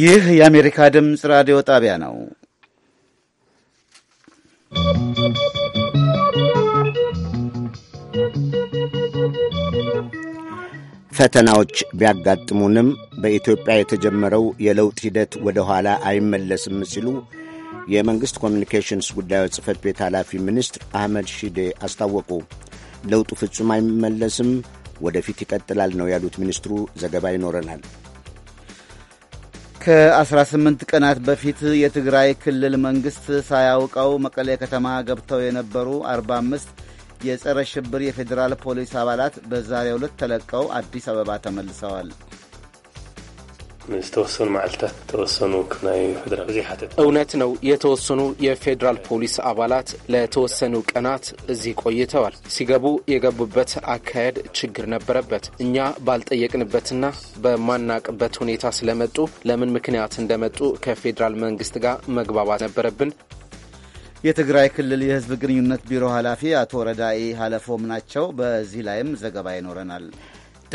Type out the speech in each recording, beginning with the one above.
ይህ የአሜሪካ ድምፅ ራዲዮ ጣቢያ ነው። ፈተናዎች ቢያጋጥሙንም በኢትዮጵያ የተጀመረው የለውጥ ሂደት ወደ ኋላ አይመለስም ሲሉ የመንግሥት ኮሚኒኬሽንስ ጉዳዮች ጽሕፈት ቤት ኃላፊ ሚኒስትር አህመድ ሺዴ አስታወቁ። ለውጡ ፍጹም አይመለስም፣ ወደፊት ይቀጥላል ነው ያሉት ሚኒስትሩ። ዘገባ ይኖረናል። ከ18 ቀናት በፊት የትግራይ ክልል መንግሥት ሳያውቀው መቀሌ ከተማ ገብተው የነበሩ 45 የጸረ ሽብር የፌዴራል ፖሊስ አባላት በዛሬው ዕለት ተለቀው አዲስ አበባ ተመልሰዋል። ዝተወሰኑ መዓልትታት ተወሰኑ ናይ ፌደራል ዘይሓተት እውነት ነው። የተወሰኑ የፌዴራል ፖሊስ አባላት ለተወሰኑ ቀናት እዚህ ቆይተዋል። ሲገቡ የገቡበት አካሄድ ችግር ነበረበት። እኛ ባልጠየቅንበትና በማናቅበት ሁኔታ ስለመጡ ለምን ምክንያት እንደመጡ ከፌዴራል መንግስት ጋር መግባባት ነበረብን። የትግራይ ክልል የህዝብ ግንኙነት ቢሮ ኃላፊ አቶ ረዳኢ ሀለፎም ናቸው። በዚህ ላይም ዘገባ ይኖረናል።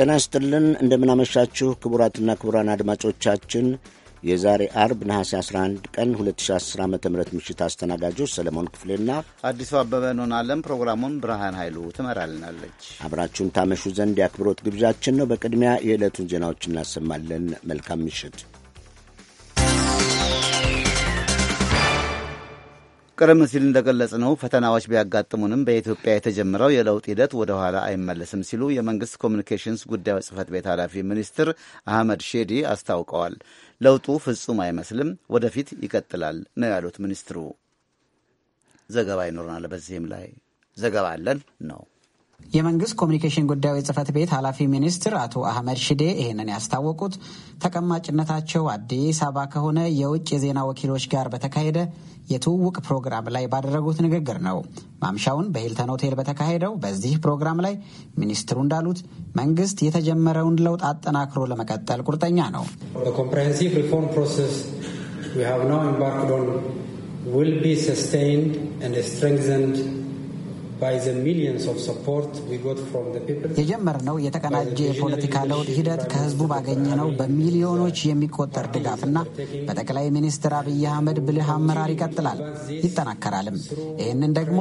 ጤና ይስጥልን እንደምናመሻችሁ ክቡራትና ክቡራን አድማጮቻችን የዛሬ አርብ ነሐሴ 11 ቀን 2010 ዓ ም ምሽት አስተናጋጆች ሰለሞን ክፍሌና አዲሱ አበበ እንሆናለን። ፕሮግራሙን ብርሃን ኃይሉ ትመራልናለች። አብራችሁን ታመሹ ዘንድ የአክብሮት ግብዣችን ነው። በቅድሚያ የዕለቱን ዜናዎች እናሰማለን። መልካም ምሽት። ቀደም ሲል እንደገለጽ ነው ፈተናዎች ቢያጋጥሙንም በኢትዮጵያ የተጀመረው የለውጥ ሂደት ወደ ኋላ አይመለስም ሲሉ የመንግስት ኮሚኒኬሽንስ ጉዳዮች ጽህፈት ቤት ኃላፊ ሚኒስትር አህመድ ሼዲ አስታውቀዋል። ለውጡ ፍጹም አይመስልም፣ ወደፊት ይቀጥላል ነው ያሉት ሚኒስትሩ። ዘገባ ይኖረናል። በዚህም ላይ ዘገባ አለን ነው የመንግስት ኮሚኒኬሽን ጉዳዮች ጽህፈት ቤት ኃላፊ ሚኒስትር አቶ አህመድ ሽዴ ይህንን ያስታወቁት ተቀማጭነታቸው አዲስ አበባ ከሆነ የውጭ የዜና ወኪሎች ጋር በተካሄደ የትውውቅ ፕሮግራም ላይ ባደረጉት ንግግር ነው። ማምሻውን በሂልተን ሆቴል በተካሄደው በዚህ ፕሮግራም ላይ ሚኒስትሩ እንዳሉት መንግስት የተጀመረውን ለውጥ አጠናክሮ ለመቀጠል ቁርጠኛ ነው። ኮምፕሬሄንሲቭ ሪፎርም ፕሮሰስ ዊ ሃቭ ናው ኢምባርክድ ኦን ዊል ቢ ሰስቴይንድ ኤንድ ስትሬንግዘንድ የጀመርነው የተቀናጀ የፖለቲካ ለውጥ ሂደት ከህዝቡ ባገኘነው በሚሊዮኖች የሚቆጠር ድጋፍና በጠቅላይ ሚኒስትር አብይ አህመድ ብልህ አመራር ይቀጥላል፣ ይጠናከራልም። ይህንን ደግሞ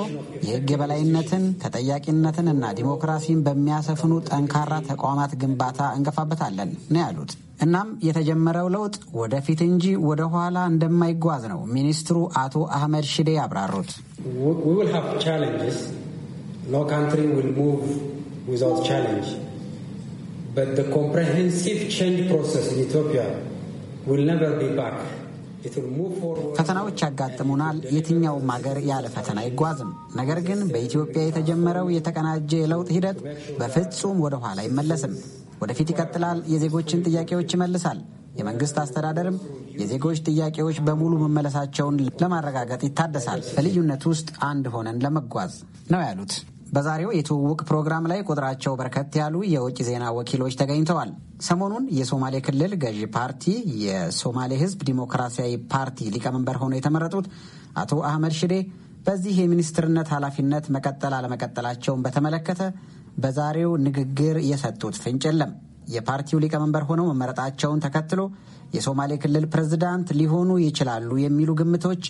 የህግ የበላይነትን ተጠያቂነትን እና ዲሞክራሲን በሚያሰፍኑ ጠንካራ ተቋማት ግንባታ እንገፋበታለን ነው ያሉት። እናም የተጀመረው ለውጥ ወደፊት እንጂ ወደ ኋላ እንደማይጓዝ ነው ሚኒስትሩ አቶ አህመድ ሽዴ ያብራሩት። No country will move without challenge. But the comprehensive change process in Ethiopia will never be back. ፈተናዎች ያጋጥሙናል። የትኛውም ሀገር ያለ ፈተና አይጓዝም። ነገር ግን በኢትዮጵያ የተጀመረው የተቀናጀ የለውጥ ሂደት በፍጹም ወደ ኋላ አይመለስም። ወደፊት ይቀጥላል። የዜጎችን ጥያቄዎች ይመልሳል። የመንግስት አስተዳደርም የዜጎች ጥያቄዎች በሙሉ መመለሳቸውን ለማረጋገጥ ይታደሳል። በልዩነት ውስጥ አንድ ሆነን ለመጓዝ ነው ያሉት በዛሬው የትውውቅ ፕሮግራም ላይ ቁጥራቸው በርከት ያሉ የውጭ ዜና ወኪሎች ተገኝተዋል። ሰሞኑን የሶማሌ ክልል ገዢ ፓርቲ የሶማሌ ሕዝብ ዲሞክራሲያዊ ፓርቲ ሊቀመንበር ሆነው የተመረጡት አቶ አህመድ ሽዴ በዚህ የሚኒስትርነት ኃላፊነት መቀጠል አለመቀጠላቸውን በተመለከተ በዛሬው ንግግር የሰጡት ፍንጭ የለም። የፓርቲው ሊቀመንበር ሆነው መመረጣቸውን ተከትሎ የሶማሌ ክልል ፕሬዝዳንት ሊሆኑ ይችላሉ የሚሉ ግምቶች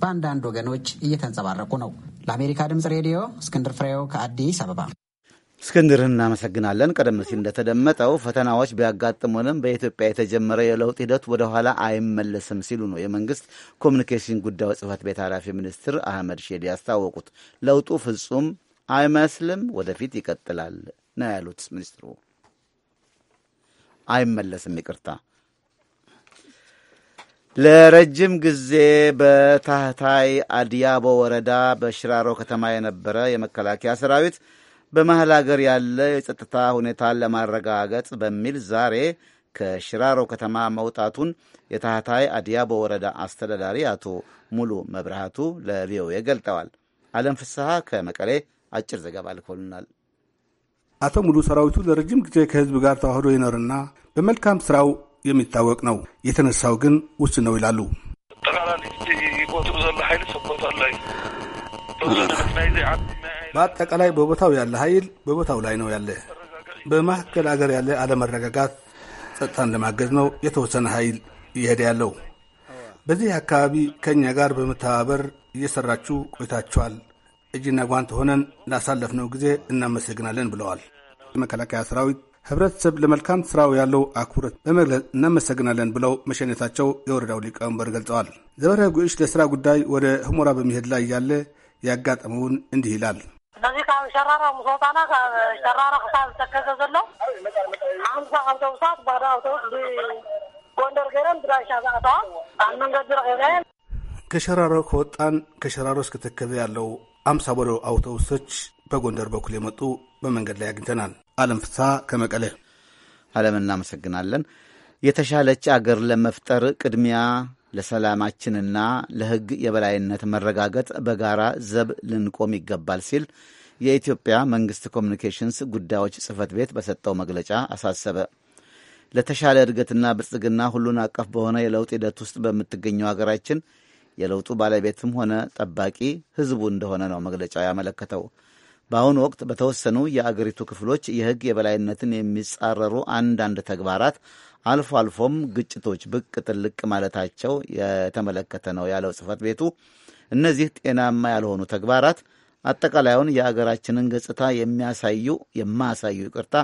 በአንዳንድ ወገኖች እየተንጸባረቁ ነው። ለአሜሪካ ድምፅ ሬዲዮ እስክንድር ፍሬው ከአዲስ አበባ። እስክንድርን እናመሰግናለን። ቀደም ሲል እንደተደመጠው ፈተናዎች ቢያጋጥሙንም በኢትዮጵያ የተጀመረ የለውጥ ሂደት ወደኋላ አይመለስም ሲሉ ነው የመንግስት ኮሚኒኬሽን ጉዳዮች ጽህፈት ቤት ኃላፊ ሚኒስትር አህመድ ሼዲ ያስታወቁት። ለውጡ ፍጹም አይመስልም፣ ወደፊት ይቀጥላል ነው ያሉት ሚኒስትሩ። አይመለስም ይቅርታ ለረጅም ጊዜ በታህታይ አዲያቦ ወረዳ በሽራሮ ከተማ የነበረ የመከላከያ ሰራዊት በመሀል አገር ያለ የጸጥታ ሁኔታን ለማረጋገጥ በሚል ዛሬ ከሽራሮ ከተማ መውጣቱን የታህታይ አዲያቦ ወረዳ አስተዳዳሪ አቶ ሙሉ መብርሃቱ ለቪኦኤ ገልጠዋል። አለም ፍስሐ ከመቀሌ አጭር ዘገባ ልኮልናል። አቶ ሙሉ ሰራዊቱ ለረጅም ጊዜ ከህዝብ ጋር ተዋህዶ ይኖርና በመልካም ስራው የሚታወቅ ነው። የተነሳው ግን ውስን ነው ይላሉ። በአጠቃላይ በቦታው ያለ ኃይል በቦታው ላይ ነው ያለ። በማካከል አገር ያለ አለመረጋጋት ጸጥታን ለማገዝ ነው የተወሰነ ኃይል እየሄደ ያለው። በዚህ አካባቢ ከእኛ ጋር በመተባበር እየሰራችሁ ቆይታችኋል። እጅና ጓንት ሆነን ላሳለፍነው ጊዜ እናመሰግናለን ብለዋል። የመከላከያ ሰራዊት ህብረተሰብ ለመልካም ስራው ያለው አክብሮት በመግለጽ እናመሰግናለን ብለው መሸኘታቸው የወረዳው ሊቀመንበር ገልጸዋል። ዘበረ ጉዕሽ ለስራ ጉዳይ ወደ ህሞራ በመሄድ ላይ እያለ ያጋጠመውን እንዲህ ይላል። እነዚህ ካብ ሸራራ ምስ ካብ ሸራራ ክሳብ ዝተከዘ ዘሎ ሓምሳ ኣውቶቡሳት ባዳ ኣውቶቡስ ብጎንደር ገይረን ብዳይሻ ዝኣተዋ ኣብ መንገዲ ረኪበን ከሸራሮ ከወጣን ከሸራሮ እስከተከዘ ያለው አምሳ በዶ አውቶቡሶች በጎንደር በኩል የመጡ በመንገድ ላይ አግኝተናል። አለም ፍስሐ አለም እናመሰግናለን። የተሻለች አገር ለመፍጠር ቅድሚያ ለሰላማችንና ለሕግ የበላይነት መረጋገጥ በጋራ ዘብ ልንቆም ይገባል ሲል የኢትዮጵያ መንግስት ኮሚኒኬሽንስ ጉዳዮች ጽህፈት ቤት በሰጠው መግለጫ አሳሰበ። ለተሻለ እድገትና ብልጽግና ሁሉን አቀፍ በሆነ የለውጥ ሂደት ውስጥ በምትገኘው ሀገራችን የለውጡ ባለቤትም ሆነ ጠባቂ ህዝቡ እንደሆነ ነው መግለጫው ያመለከተው። በአሁኑ ወቅት በተወሰኑ የአገሪቱ ክፍሎች የሕግ የበላይነትን የሚጻረሩ አንዳንድ ተግባራት አልፎ አልፎም ግጭቶች ብቅ ጥልቅ ማለታቸው የተመለከተ ነው ያለው ጽህፈት ቤቱ እነዚህ ጤናማ ያልሆኑ ተግባራት አጠቃላዩን የአገራችንን ገጽታ የሚያሳዩ የማያሳዩ ይቅርታ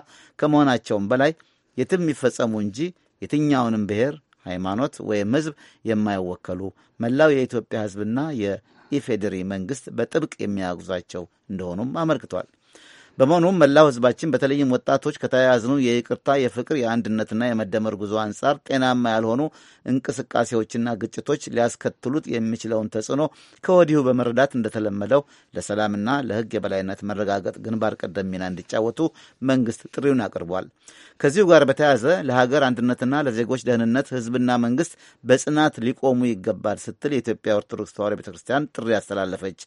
ከመሆናቸውም በላይ የትም የሚፈጸሙ እንጂ የትኛውንም ብሔር፣ ሃይማኖት ወይም ህዝብ የማይወከሉ መላው የኢትዮጵያ ሕዝብና ኢፌዴሪ መንግስት በጥብቅ የሚያወግዛቸው እንደሆኑም አመልክቷል። በመሆኑም መላው ህዝባችን በተለይም ወጣቶች ከተያያዝኑ የይቅርታ፣ የፍቅር፣ የአንድነትና የመደመር ጉዞ አንጻር ጤናማ ያልሆኑ እንቅስቃሴዎችና ግጭቶች ሊያስከትሉት የሚችለውን ተጽዕኖ ከወዲሁ በመረዳት እንደተለመደው ለሰላምና ለህግ የበላይነት መረጋገጥ ግንባር ቀደም ሚና እንዲጫወቱ መንግስት ጥሪውን አቅርቧል። ከዚሁ ጋር በተያያዘ ለሀገር አንድነትና ለዜጎች ደህንነት ህዝብና መንግስት በጽናት ሊቆሙ ይገባል ስትል የኢትዮጵያ ኦርቶዶክስ ተዋሕዶ ቤተክርስቲያን ጥሪ አስተላለፈች።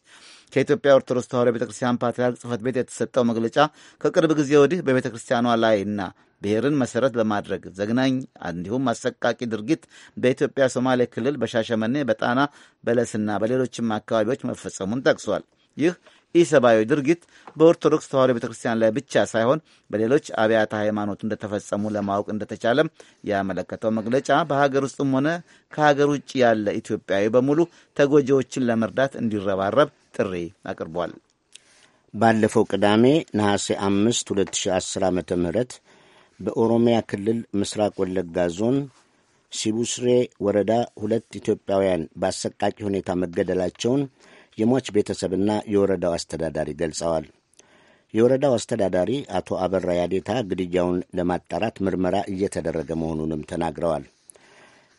ከኢትዮጵያ ኦርቶዶክስ ተዋሕዶ ቤተ ክርስቲያን ፓትርያርክ ጽሕፈት ቤት የተሰጠው መግለጫ ከቅርብ ጊዜ ወዲህ በቤተ ክርስቲያኗ ላይና ብሔርን መሰረት በማድረግ ዘግናኝ እንዲሁም አሰቃቂ ድርጊት በኢትዮጵያ ሶማሌ ክልል በሻሸመኔ፣ በጣና በለስና በሌሎችም አካባቢዎች መፈጸሙን ጠቅሷል። ይህ ይህ ሰብአዊ ድርጊት በኦርቶዶክስ ተዋሕዶ ቤተ ክርስቲያን ላይ ብቻ ሳይሆን በሌሎች አብያተ ሃይማኖት እንደተፈጸሙ ለማወቅ እንደተቻለም ያመለከተው መግለጫ በሀገር ውስጥም ሆነ ከሀገር ውጭ ያለ ኢትዮጵያዊ በሙሉ ተጎጂዎችን ለመርዳት እንዲረባረብ ጥሪ አቅርቧል። ባለፈው ቅዳሜ ነሐሴ አምስት 2010 ዓ ም በኦሮሚያ ክልል ምስራቅ ወለጋ ዞን ሲቡስሬ ወረዳ ሁለት ኢትዮጵያውያን በአሰቃቂ ሁኔታ መገደላቸውን የሟች ቤተሰብና የወረዳው አስተዳዳሪ ገልጸዋል። የወረዳው አስተዳዳሪ አቶ አበራ ያዴታ ግድያውን ለማጣራት ምርመራ እየተደረገ መሆኑንም ተናግረዋል።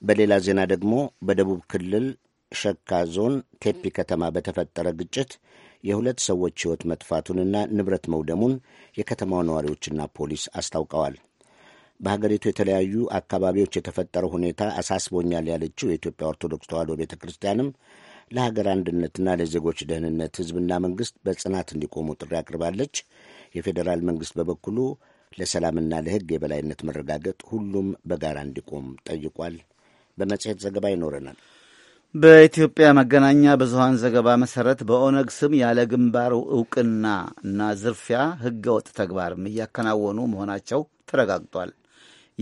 በሌላ ዜና ደግሞ በደቡብ ክልል ሸካ ዞን ቴፒ ከተማ በተፈጠረ ግጭት የሁለት ሰዎች ሕይወት መጥፋቱንና ንብረት መውደሙን የከተማው ነዋሪዎችና ፖሊስ አስታውቀዋል። በሀገሪቱ የተለያዩ አካባቢዎች የተፈጠረው ሁኔታ አሳስቦኛል ያለችው የኢትዮጵያ ኦርቶዶክስ ተዋሕዶ ቤተ ክርስቲያንም ለሀገር አንድነትና ለዜጎች ደህንነት ህዝብና መንግስት በጽናት እንዲቆሙ ጥሪ አቅርባለች። የፌዴራል መንግስት በበኩሉ ለሰላምና ለህግ የበላይነት መረጋገጥ ሁሉም በጋራ እንዲቆም ጠይቋል። በመጽሔት ዘገባ ይኖረናል። በኢትዮጵያ መገናኛ ብዙሀን ዘገባ መሰረት በኦነግ ስም ያለ ግንባር እውቅና እና ዝርፊያ ወጥ ተግባርም እያከናወኑ መሆናቸው ተረጋግጧል።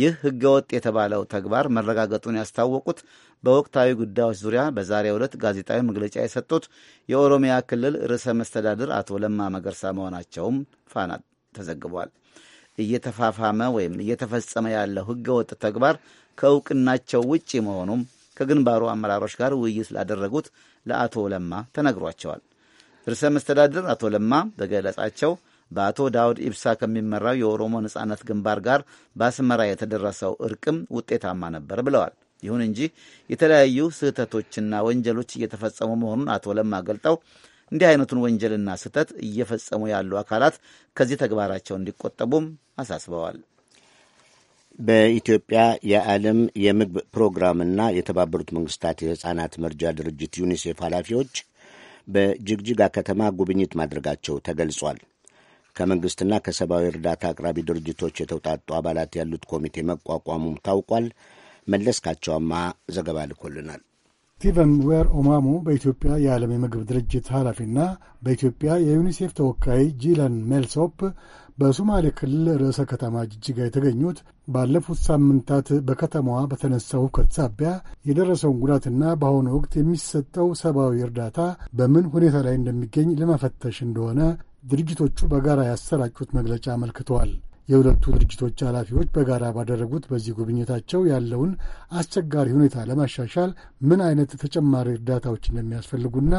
ይህ ወጥ የተባለው ተግባር መረጋገጡን ያስታወቁት በወቅታዊ ጉዳዮች ዙሪያ በዛሬው ዕለት ጋዜጣዊ መግለጫ የሰጡት የኦሮሚያ ክልል ርዕሰ መስተዳድር አቶ ለማ መገርሳ መሆናቸውም ፋና ተዘግቧል። እየተፋፋመ ወይም እየተፈጸመ ያለው ህገወጥ ተግባር ከእውቅናቸው ውጪ መሆኑም ከግንባሩ አመራሮች ጋር ውይይት ላደረጉት ለአቶ ለማ ተነግሯቸዋል። ርዕሰ መስተዳድር አቶ ለማ በገለጻቸው በአቶ ዳውድ ኢብሳ ከሚመራው የኦሮሞ ነጻነት ግንባር ጋር በአስመራ የተደረሰው እርቅም ውጤታማ ነበር ብለዋል። ይሁን እንጂ የተለያዩ ስህተቶችና ወንጀሎች እየተፈጸሙ መሆኑን አቶ ለማ ገልጠው እንዲህ አይነቱን ወንጀልና ስህተት እየፈጸሙ ያሉ አካላት ከዚህ ተግባራቸው እንዲቆጠቡም አሳስበዋል። በኢትዮጵያ የዓለም የምግብ ፕሮግራምና የተባበሩት መንግስታት የሕፃናት መርጃ ድርጅት ዩኒሴፍ ኃላፊዎች በጅግጅጋ ከተማ ጉብኝት ማድረጋቸው ተገልጿል። ከመንግሥትና ከሰብአዊ እርዳታ አቅራቢ ድርጅቶች የተውጣጡ አባላት ያሉት ኮሚቴ መቋቋሙም ታውቋል። መለስካቸው ዘገባ ልኮልናል። ስቲቨን ዌር ኦማሙ በኢትዮጵያ የዓለም የምግብ ድርጅት ኃላፊና በኢትዮጵያ የዩኒሴፍ ተወካይ ጂለን ሜልሶፕ በሶማሌ ክልል ርዕሰ ከተማ ጅጅጋ የተገኙት ባለፉት ሳምንታት በከተማዋ በተነሳው ሁከት ሳቢያ የደረሰውን ጉዳትና በአሁኑ ወቅት የሚሰጠው ሰብአዊ እርዳታ በምን ሁኔታ ላይ እንደሚገኝ ለመፈተሽ እንደሆነ ድርጅቶቹ በጋራ ያሰራጩት መግለጫ አመልክተዋል። የሁለቱ ድርጅቶች ኃላፊዎች በጋራ ባደረጉት በዚህ ጉብኝታቸው ያለውን አስቸጋሪ ሁኔታ ለማሻሻል ምን አይነት ተጨማሪ እርዳታዎች እንደሚያስፈልጉና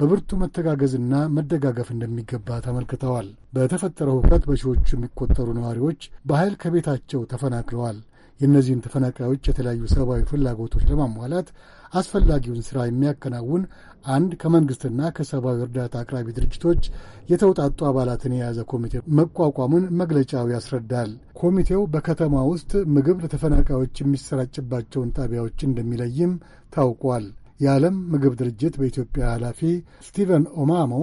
በብርቱ መተጋገዝና መደጋገፍ እንደሚገባ ተመልክተዋል። በተፈጠረው ሁከት በሺዎቹ የሚቆጠሩ ነዋሪዎች በኃይል ከቤታቸው ተፈናቅለዋል። የእነዚህን ተፈናቃዮች የተለያዩ ሰብአዊ ፍላጎቶች ለማሟላት አስፈላጊውን ሥራ የሚያከናውን አንድ ከመንግስትና ከሰብአዊ እርዳታ አቅራቢ ድርጅቶች የተውጣጡ አባላትን የያዘ ኮሚቴ መቋቋሙን መግለጫው ያስረዳል። ኮሚቴው በከተማ ውስጥ ምግብ ለተፈናቃዮች የሚሰራጭባቸውን ጣቢያዎች እንደሚለይም ታውቋል። የዓለም ምግብ ድርጅት በኢትዮጵያ ኃላፊ ስቲቨን ኦማሞ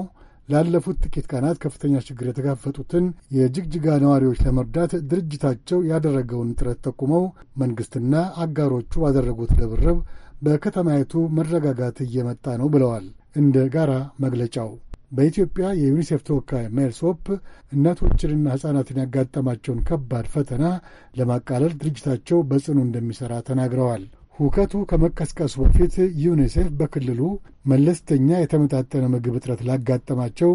ላለፉት ጥቂት ቀናት ከፍተኛ ችግር የተጋፈጡትን የጅግጅጋ ነዋሪዎች ለመርዳት ድርጅታቸው ያደረገውን ጥረት ጠቁመው መንግሥትና አጋሮቹ ባደረጉት ርብርብ በከተማይቱ መረጋጋት እየመጣ ነው ብለዋል። እንደ ጋራ መግለጫው በኢትዮጵያ የዩኒሴፍ ተወካይ ሜልሶፕ እናቶችንና ሕፃናትን ያጋጠማቸውን ከባድ ፈተና ለማቃለል ድርጅታቸው በጽኑ እንደሚሠራ ተናግረዋል። ሁከቱ ከመቀስቀሱ በፊት ዩኒሴፍ በክልሉ መለስተኛ የተመጣጠነ ምግብ እጥረት ላጋጠማቸው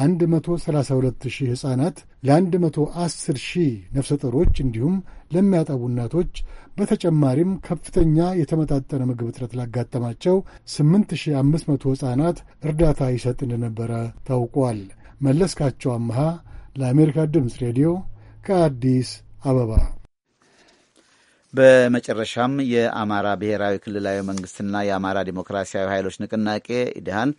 132 ሺህ ሕፃናት ለ110 ሺህ ነፍሰ ጠሮች እንዲሁም ለሚያጠቡ እናቶች በተጨማሪም ከፍተኛ የተመጣጠነ ምግብ እጥረት ላጋጠማቸው 8500 ሕፃናት እርዳታ ይሰጥ እንደነበረ ታውቋል። መለስካቸው አመሃ ለአሜሪካ ድምፅ ሬዲዮ ከአዲስ አበባ። በመጨረሻም የአማራ ብሔራዊ ክልላዊ መንግስትና የአማራ ዲሞክራሲያዊ ኃይሎች ንቅናቄ ኢድሃን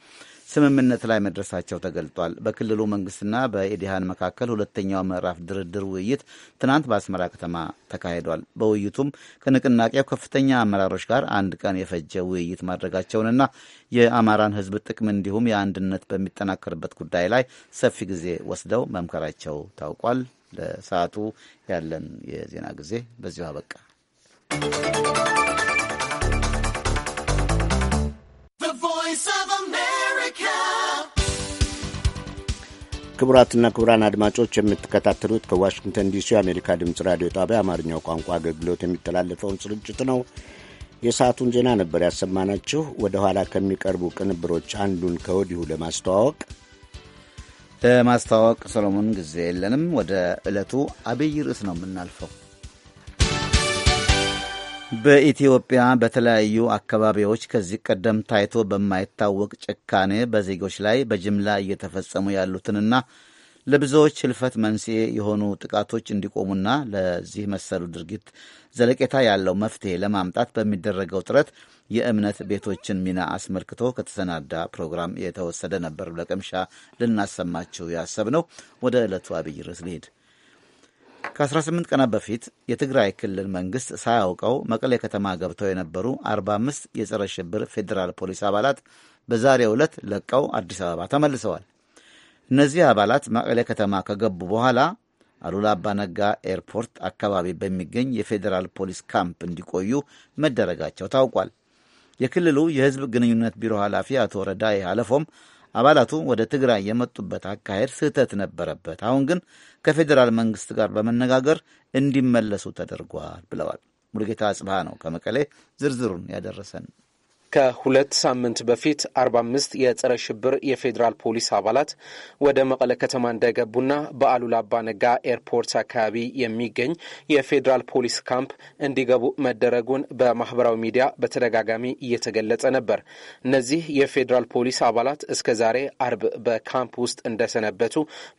ስምምነት ላይ መድረሳቸው ተገልጧል። በክልሉ መንግስትና በኢዲሃን መካከል ሁለተኛው ምዕራፍ ድርድር ውይይት ትናንት በአስመራ ከተማ ተካሂዷል። በውይይቱም ከንቅናቄው ከፍተኛ አመራሮች ጋር አንድ ቀን የፈጀ ውይይት ማድረጋቸውንና የአማራን ሕዝብ ጥቅም እንዲሁም የአንድነት በሚጠናከርበት ጉዳይ ላይ ሰፊ ጊዜ ወስደው መምከራቸው ታውቋል። ለሰዓቱ ያለን የዜና ጊዜ በዚሁ አበቃ። ክቡራትና ክቡራን አድማጮች የምትከታተሉት ከዋሽንግተን ዲሲ የአሜሪካ ድምፅ ራዲዮ ጣቢያ አማርኛው ቋንቋ አገልግሎት የሚተላለፈውን ስርጭት ነው። የሰዓቱን ዜና ነበር ያሰማናችሁ። ወደ ኋላ ከሚቀርቡ ቅንብሮች አንዱን ከወዲሁ ለማስተዋወቅ ለማስተዋወቅ ሰሎሞን ጊዜ የለንም። ወደ ዕለቱ አብይ ርዕስ ነው የምናልፈው። በኢትዮጵያ በተለያዩ አካባቢዎች ከዚህ ቀደም ታይቶ በማይታወቅ ጭካኔ በዜጎች ላይ በጅምላ እየተፈጸሙ ያሉትንና ለብዙዎች ሕልፈት መንስኤ የሆኑ ጥቃቶች እንዲቆሙና ለዚህ መሰሉ ድርጊት ዘለቄታ ያለው መፍትሄ ለማምጣት በሚደረገው ጥረት የእምነት ቤቶችን ሚና አስመልክቶ ከተሰናዳ ፕሮግራም የተወሰደ ነበር። ለቅምሻ ልናሰማችሁ ያሰብ ነው። ወደ ዕለቱ አብይ ርዕስ ልሄድ ከ18 ቀናት በፊት የትግራይ ክልል መንግስት ሳያውቀው መቀሌ ከተማ ገብተው የነበሩ 45 የጸረ ሽብር ፌዴራል ፖሊስ አባላት በዛሬ ዕለት ለቀው አዲስ አበባ ተመልሰዋል። እነዚህ አባላት መቀሌ ከተማ ከገቡ በኋላ አሉላ አባነጋ ኤርፖርት አካባቢ በሚገኝ የፌዴራል ፖሊስ ካምፕ እንዲቆዩ መደረጋቸው ታውቋል። የክልሉ የህዝብ ግንኙነት ቢሮ ኃላፊ አቶ ረዳይ አለፎም አባላቱ ወደ ትግራይ የመጡበት አካሄድ ስህተት ነበረበት። አሁን ግን ከፌዴራል መንግስት ጋር በመነጋገር እንዲመለሱ ተደርጓል ብለዋል። ሙሉጌታ አጽብሃ ነው ከመቀሌ ዝርዝሩን ያደረሰን። ከሁለት ሳምንት በፊት አርባ አምስት የጸረ ሽብር የፌዴራል ፖሊስ አባላት ወደ መቀለ ከተማ እንዳይገቡና በአሉላ ነጋ ኤርፖርት አካባቢ የሚገኝ የፌዴራል ፖሊስ ካምፕ እንዲገቡ መደረጉን በማህበራዊ ሚዲያ በተደጋጋሚ እየተገለጸ ነበር። እነዚህ የፌዴራል ፖሊስ አባላት እስከ ዛሬ አርብ በካምፕ ውስጥ እንደሰነበቱ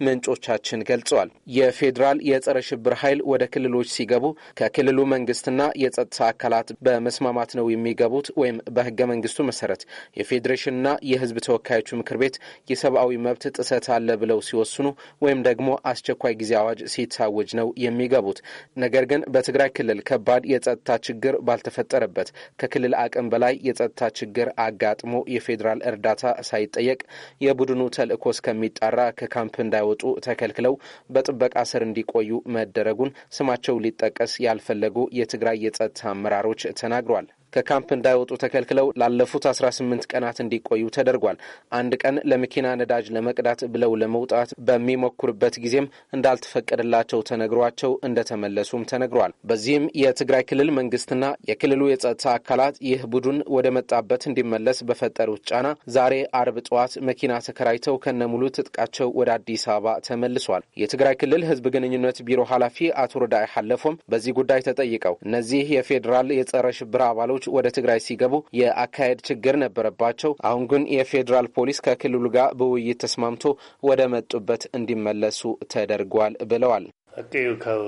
ምንጮቻችን ገልጸዋል። የፌዴራል የጸረ ሽብር ኃይል ወደ ክልሎች ሲገቡ ከክልሉ መንግስትና የጸጥታ አካላት በመስማማት ነው የሚገቡት ወይም በህገ መንግስቱ መሰረት የፌዴሬሽንና የህዝብ ተወካዮቹ ምክር ቤት የሰብአዊ መብት ጥሰት አለ ብለው ሲወስኑ ወይም ደግሞ አስቸኳይ ጊዜ አዋጅ ሲታወጅ ነው የሚገቡት። ነገር ግን በትግራይ ክልል ከባድ የጸጥታ ችግር ባልተፈጠረበት ከክልል አቅም በላይ የጸጥታ ችግር አጋጥሞ የፌዴራል እርዳታ ሳይጠየቅ የቡድኑ ተልእኮ እስከሚጣራ ከካምፕ እንዳይወጡ ተከልክለው በጥበቃ ስር እንዲቆዩ መደረጉን ስማቸው ሊጠቀስ ያልፈለጉ የትግራይ የጸጥታ አመራሮች ተናግሯል። ከካምፕ እንዳይወጡ ተከልክለው ላለፉት 18 ቀናት እንዲቆዩ ተደርጓል። አንድ ቀን ለመኪና ነዳጅ ለመቅዳት ብለው ለመውጣት በሚሞክሩበት ጊዜም እንዳልተፈቀደላቸው ተነግሯቸው እንደተመለሱም ተነግሯል። በዚህም የትግራይ ክልል መንግስትና የክልሉ የጸጥታ አካላት ይህ ቡድን ወደ መጣበት እንዲመለስ በፈጠሩት ጫና ዛሬ አርብ ጠዋት መኪና ተከራይተው ከነሙሉ ትጥቃቸው ወደ አዲስ አበባ ተመልሷል። የትግራይ ክልል ህዝብ ግንኙነት ቢሮ ኃላፊ አቶ ረዳኢ ሓለፎም በዚህ ጉዳይ ተጠይቀው እነዚህ የፌዴራል የጸረ ሽብር አባሎች ኃይሎች ወደ ትግራይ ሲገቡ የአካሄድ ችግር ነበረባቸው። አሁን ግን የፌዴራል ፖሊስ ከክልሉ ጋር በውይይት ተስማምቶ ወደ መጡበት እንዲመለሱ ተደርጓል ብለዋል። ኣቂኡ ካብ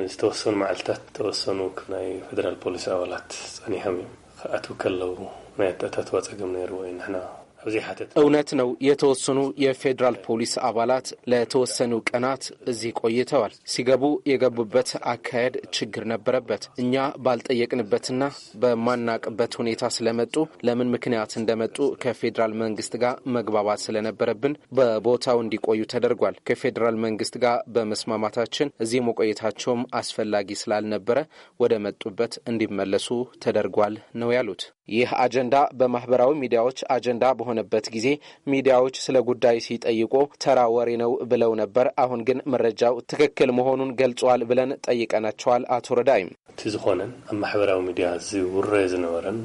ንዝተወሰኑ መዓልትታት ተወሰኑ ናይ ፌደራል ፖሊስ ኣባላት ፀኒሖም እዮም ክኣትዉ ከለዉ ናይ ኣጣታት ዋፀገም ነይሩ ወይ ንሕና እውነት ነው። የተወሰኑ የፌዴራል ፖሊስ አባላት ለተወሰኑ ቀናት እዚህ ቆይተዋል። ሲገቡ የገቡበት አካሄድ ችግር ነበረበት። እኛ ባልጠየቅንበትና በማናቅበት ሁኔታ ስለመጡ ለምን ምክንያት እንደመጡ ከፌዴራል መንግስት ጋር መግባባት ስለነበረብን በቦታው እንዲቆዩ ተደርጓል። ከፌዴራል መንግስት ጋር በመስማማታችን እዚህ መቆየታቸውም አስፈላጊ ስላልነበረ ወደ መጡበት እንዲመለሱ ተደርጓል ነው ያሉት። ይህ አጀንዳ በማህበራዊ ሚዲያዎች አጀንዳ በሆነበት ጊዜ ሚዲያዎች ስለ ጉዳይ ሲጠይቁ ተራ ወሬ ነው ብለው ነበር። አሁን ግን መረጃው ትክክል መሆኑን ገልጿል ብለን ጠይቀናቸዋል። አቶ ረዳይ እቲ ዝኾነን ኣብ ማሕበራዊ ሚድያ ዝውረ ዝነበረን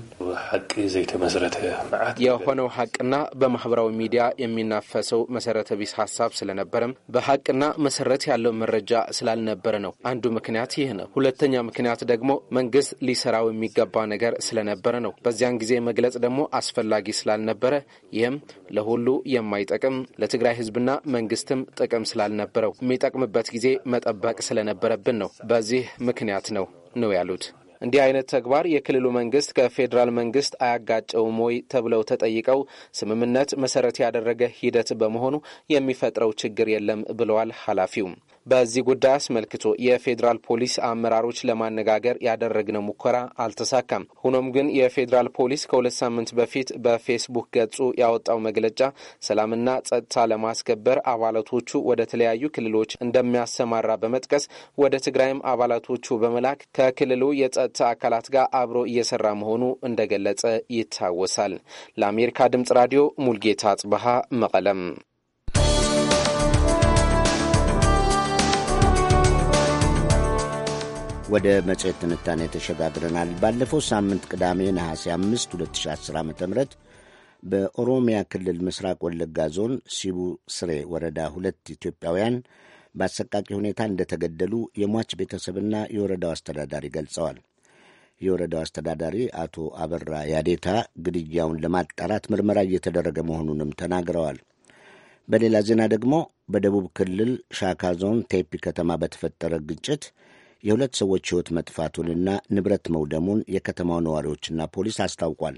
ሓቂ ዘይተመሰረተ መዓት የሆነው ሀቅና በማህበራዊ ሚዲያ የሚናፈሰው መሰረተ ቢስ ሀሳብ ስለነበረም በሀቅና መሰረት ያለው መረጃ ስላልነበረ ነው። አንዱ ምክንያት ይህ ነው። ሁለተኛ ምክንያት ደግሞ መንግስት ሊሰራው የሚገባ ነገር ስለነበረ ነው። በዚያን ጊዜ መግለጽ ደግሞ አስፈላጊ ስላልነበረ ይህም ለሁሉ የማይጠቅም ለትግራይ ህዝብና መንግስትም ጥቅም ስላልነበረው የሚጠቅምበት ጊዜ መጠበቅ ስለነበረብን ነው። በዚህ ምክንያት ነው ነው ያሉት። እንዲህ አይነት ተግባር የክልሉ መንግስት ከፌዴራል መንግስት አያጋጨውም ወይ ተብለው ተጠይቀው ስምምነት መሰረት ያደረገ ሂደት በመሆኑ የሚፈጥረው ችግር የለም ብለዋል ኃላፊውም። በዚህ ጉዳይ አስመልክቶ የፌዴራል ፖሊስ አመራሮች ለማነጋገር ያደረግነው ሙከራ አልተሳካም። ሆኖም ግን የፌዴራል ፖሊስ ከሁለት ሳምንት በፊት በፌስቡክ ገጹ ያወጣው መግለጫ ሰላምና ጸጥታ ለማስከበር አባላቶቹ ወደ ተለያዩ ክልሎች እንደሚያሰማራ በመጥቀስ ወደ ትግራይም አባላቶቹ በመላክ ከክልሉ የጸጥታ አካላት ጋር አብሮ እየሰራ መሆኑ እንደገለጸ ይታወሳል። ለአሜሪካ ድምጽ ራዲዮ ሙልጌታ አጽበሃ መቀለም ወደ መጽሔት ትንታኔ ተሸጋግረናል። ባለፈው ሳምንት ቅዳሜ ነሐሴ 5 2010 ዓ ም በኦሮሚያ ክልል ምስራቅ ወለጋ ዞን ሲቡ ስሬ ወረዳ ሁለት ኢትዮጵያውያን በአሰቃቂ ሁኔታ እንደተገደሉ የሟች ቤተሰብና የወረዳው አስተዳዳሪ ገልጸዋል። የወረዳው አስተዳዳሪ አቶ አበራ ያዴታ ግድያውን ለማጣራት ምርመራ እየተደረገ መሆኑንም ተናግረዋል። በሌላ ዜና ደግሞ በደቡብ ክልል ሻካ ዞን ቴፒ ከተማ በተፈጠረ ግጭት የሁለት ሰዎች ሕይወት መጥፋቱንና ንብረት መውደሙን የከተማው ነዋሪዎችና ፖሊስ አስታውቋል።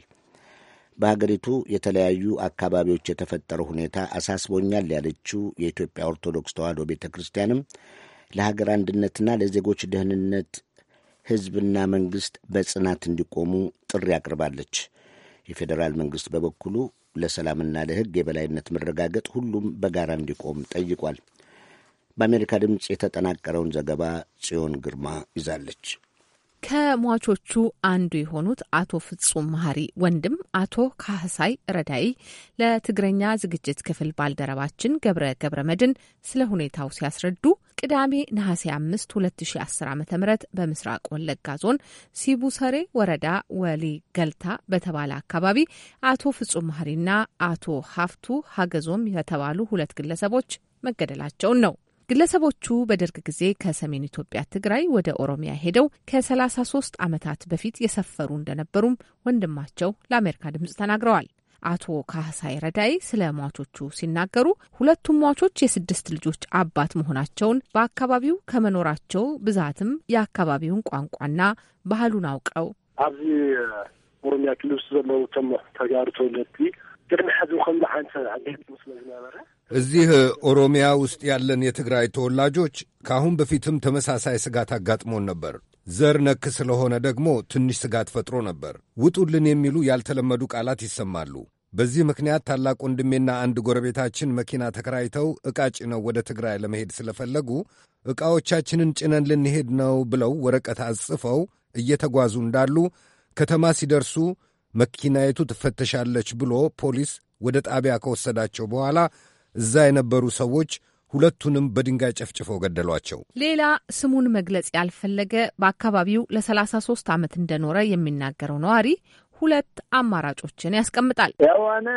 በሀገሪቱ የተለያዩ አካባቢዎች የተፈጠረው ሁኔታ አሳስቦኛል ያለችው የኢትዮጵያ ኦርቶዶክስ ተዋሕዶ ቤተ ክርስቲያንም ለሀገር አንድነትና ለዜጎች ደህንነት ሕዝብና መንግሥት በጽናት እንዲቆሙ ጥሪ አቅርባለች። የፌዴራል መንግሥት በበኩሉ ለሰላምና ለሕግ የበላይነት መረጋገጥ ሁሉም በጋራ እንዲቆም ጠይቋል። በአሜሪካ ድምፅ የተጠናቀረውን ዘገባ ጽዮን ግርማ ይዛለች። ከሟቾቹ አንዱ የሆኑት አቶ ፍጹም መሀሪ ወንድም አቶ ካህሳይ ረዳይ ለትግረኛ ዝግጅት ክፍል ባልደረባችን ገብረ ገብረ መድን ስለ ሁኔታው ሲያስረዱ ቅዳሜ ነሐሴ አምስት ሁለት ሺ አስር በምስራቅ ወለጋ ዞን ሲቡሰሬ ወረዳ ወሊ ገልታ በተባለ አካባቢ አቶ ፍጹም መሀሪና አቶ ሀፍቱ ሀገዞም የተባሉ ሁለት ግለሰቦች መገደላቸውን ነው። ግለሰቦቹ በደርግ ጊዜ ከሰሜን ኢትዮጵያ ትግራይ ወደ ኦሮሚያ ሄደው ከ33 ዓመታት በፊት የሰፈሩ እንደነበሩም ወንድማቸው ለአሜሪካ ድምጽ ተናግረዋል። አቶ ካህሳይ ረዳይ ስለ ሟቾቹ ሲናገሩ ሁለቱም ሟቾች የስድስት ልጆች አባት መሆናቸውን በአካባቢው ከመኖራቸው ብዛትም የአካባቢውን ቋንቋና ባህሉን አውቀው ኣብዚ ኦሮሚያ ክልል ዝነበሩ ተጋሩ ተወለድቲ ቅድሚ ሕዚ ከምዚ ዓይነት ስለ ዝነበረ እዚህ ኦሮሚያ ውስጥ ያለን የትግራይ ተወላጆች ከአሁን በፊትም ተመሳሳይ ስጋት አጋጥሞን ነበር። ዘር ነክ ስለሆነ ደግሞ ትንሽ ስጋት ፈጥሮ ነበር። ውጡልን የሚሉ ያልተለመዱ ቃላት ይሰማሉ። በዚህ ምክንያት ታላቅ ወንድሜና አንድ ጎረቤታችን መኪና ተከራይተው ዕቃ ጭነው ወደ ትግራይ ለመሄድ ስለፈለጉ ዕቃዎቻችንን ጭነን ልንሄድ ነው ብለው ወረቀት አጽፈው እየተጓዙ እንዳሉ ከተማ ሲደርሱ መኪናይቱ ትፈተሻለች ብሎ ፖሊስ ወደ ጣቢያ ከወሰዳቸው በኋላ እዛ የነበሩ ሰዎች ሁለቱንም በድንጋይ ጨፍጭፈው ገደሏቸው። ሌላ ስሙን መግለጽ ያልፈለገ በአካባቢው ለ33 ዓመት እንደኖረ የሚናገረው ነዋሪ ሁለት አማራጮችን ያስቀምጣል። ያዋነ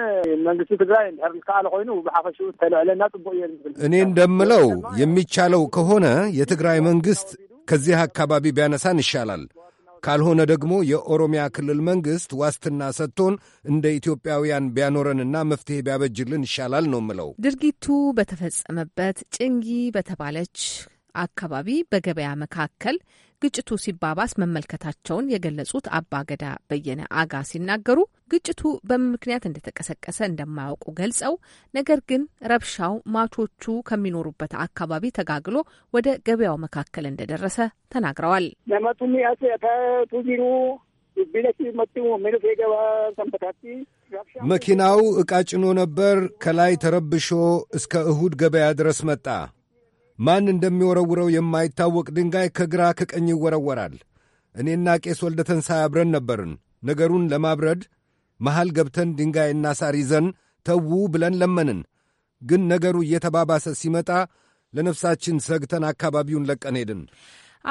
መንግስቱ ትግራይ እንድሕር ዝከኣለ ኮይኑ ብሓፈሹ ተልዕለና ጽቡቅ እየ ዝብል እኔ እንደምለው የሚቻለው ከሆነ የትግራይ መንግስት ከዚህ አካባቢ ቢያነሳን ይሻላል። ካልሆነ ደግሞ የኦሮሚያ ክልል መንግሥት ዋስትና ሰጥቶን እንደ ኢትዮጵያውያን ቢያኖረንና መፍትሄ ቢያበጅልን ይሻላል ነው ምለው። ድርጊቱ በተፈጸመበት ጭንጊ በተባለች አካባቢ በገበያ መካከል ግጭቱ ሲባባስ መመልከታቸውን የገለጹት አባገዳ በየነ አጋ ሲናገሩ ግጭቱ በምን ምክንያት እንደተቀሰቀሰ እንደማያውቁ ገልጸው ነገር ግን ረብሻው ማቾቹ ከሚኖሩበት አካባቢ ተጋግሎ ወደ ገበያው መካከል እንደደረሰ ተናግረዋል። መኪናው ዕቃ ጭኖ ነበር። ከላይ ተረብሾ እስከ እሁድ ገበያ ድረስ መጣ። ማን እንደሚወረውረው የማይታወቅ ድንጋይ ከግራ ከቀኝ ይወረወራል። እኔና ቄስ ወልደ ተንሣይ አብረን ነበርን። ነገሩን ለማብረድ መሃል ገብተን ድንጋይና ሳር ይዘን ተዉ ብለን ለመንን። ግን ነገሩ እየተባባሰ ሲመጣ ለነፍሳችን ሰግተን አካባቢውን ለቀን ሄድን።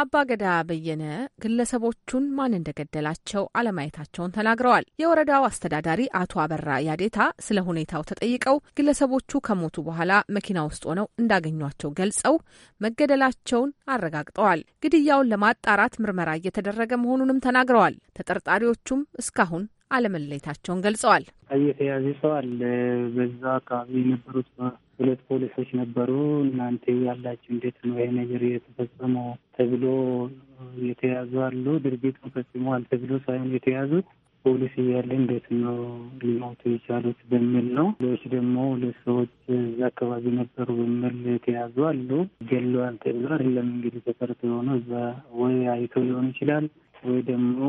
አባገዳ በየነ ግለሰቦቹን ማን እንደገደላቸው አለማየታቸውን ተናግረዋል። የወረዳው አስተዳዳሪ አቶ አበራ ያዴታ ስለ ሁኔታው ተጠይቀው ግለሰቦቹ ከሞቱ በኋላ መኪና ውስጥ ሆነው እንዳገኟቸው ገልጸው መገደላቸውን አረጋግጠዋል። ግድያውን ለማጣራት ምርመራ እየተደረገ መሆኑንም ተናግረዋል። ተጠርጣሪዎቹም እስካሁን አለመለየታቸውን ገልጸዋል። እየተያዘ ሰው አለ። በዛ አካባቢ የነበሩት ሁለት ፖሊሶች ነበሩ። እናንተ ያላችሁ እንዴት ነው ይሄ ነገር የተፈጸመው ተብሎ የተያዙ አሉ። ድርጊቱን ፈጽመዋል ተብሎ ሳይሆን የተያዙት ፖሊስ እያለ እንዴት ነው ሊሞቱ የቻሉት በሚል ነው። ሌሎች ደግሞ ሁለት ሰዎች እዛ አካባቢ ነበሩ በሚል የተያዙ አሉ። ገለዋል ተብሎ አይደለም እንግዲህ ተጠርቶ የሆነ እዛ ወይ አይቶ ሊሆን ይችላል ወይ ደግሞ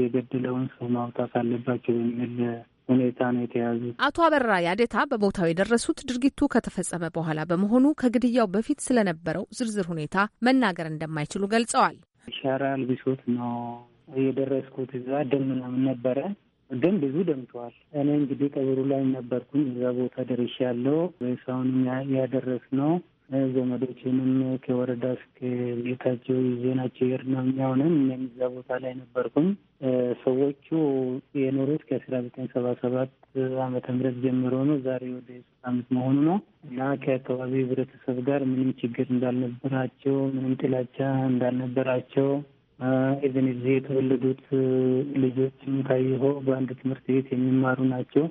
የገደለውን ሰው ማውጣት አለባቸው የሚል ሁኔታ ነው የተያዙት። አቶ አበራ ያዴታ በቦታው የደረሱት ድርጊቱ ከተፈጸመ በኋላ በመሆኑ ከግድያው በፊት ስለነበረው ዝርዝር ሁኔታ መናገር እንደማይችሉ ገልጸዋል። ሻራ ልብሶት ነው የደረስኩት። እዛ ደም ምናምን ነበረ፣ ግን ብዙ ደምተዋል። እኔ እንግዲህ ቀብሩ ላይ ነበርኩኝ። እዛ ቦታ ደርሻለሁ። ሳሁን ያደረስ ነው ዘመዶችንም ከወረዳ እስከ ቤታቸው ይዘናቸው የሄድነው የሚያሆነን ሆነን እኔም እዛ ቦታ ላይ ነበርኩኝ። ሰዎቹ የኖሩት ከአስራ ዘጠኝ ሰባ ሰባት አመተ ምህረት ጀምሮ ነው። ዛሬ ወደ ሶስት ዓመት መሆኑ ነው እና ከአካባቢ ህብረተሰብ ጋር ምንም ችግር እንዳልነበራቸው፣ ምንም ጥላቻ እንዳልነበራቸው ኢቨን እዚህ የተወለዱት ልጆችም ታይሆ በአንድ ትምህርት ቤት የሚማሩ ናቸው።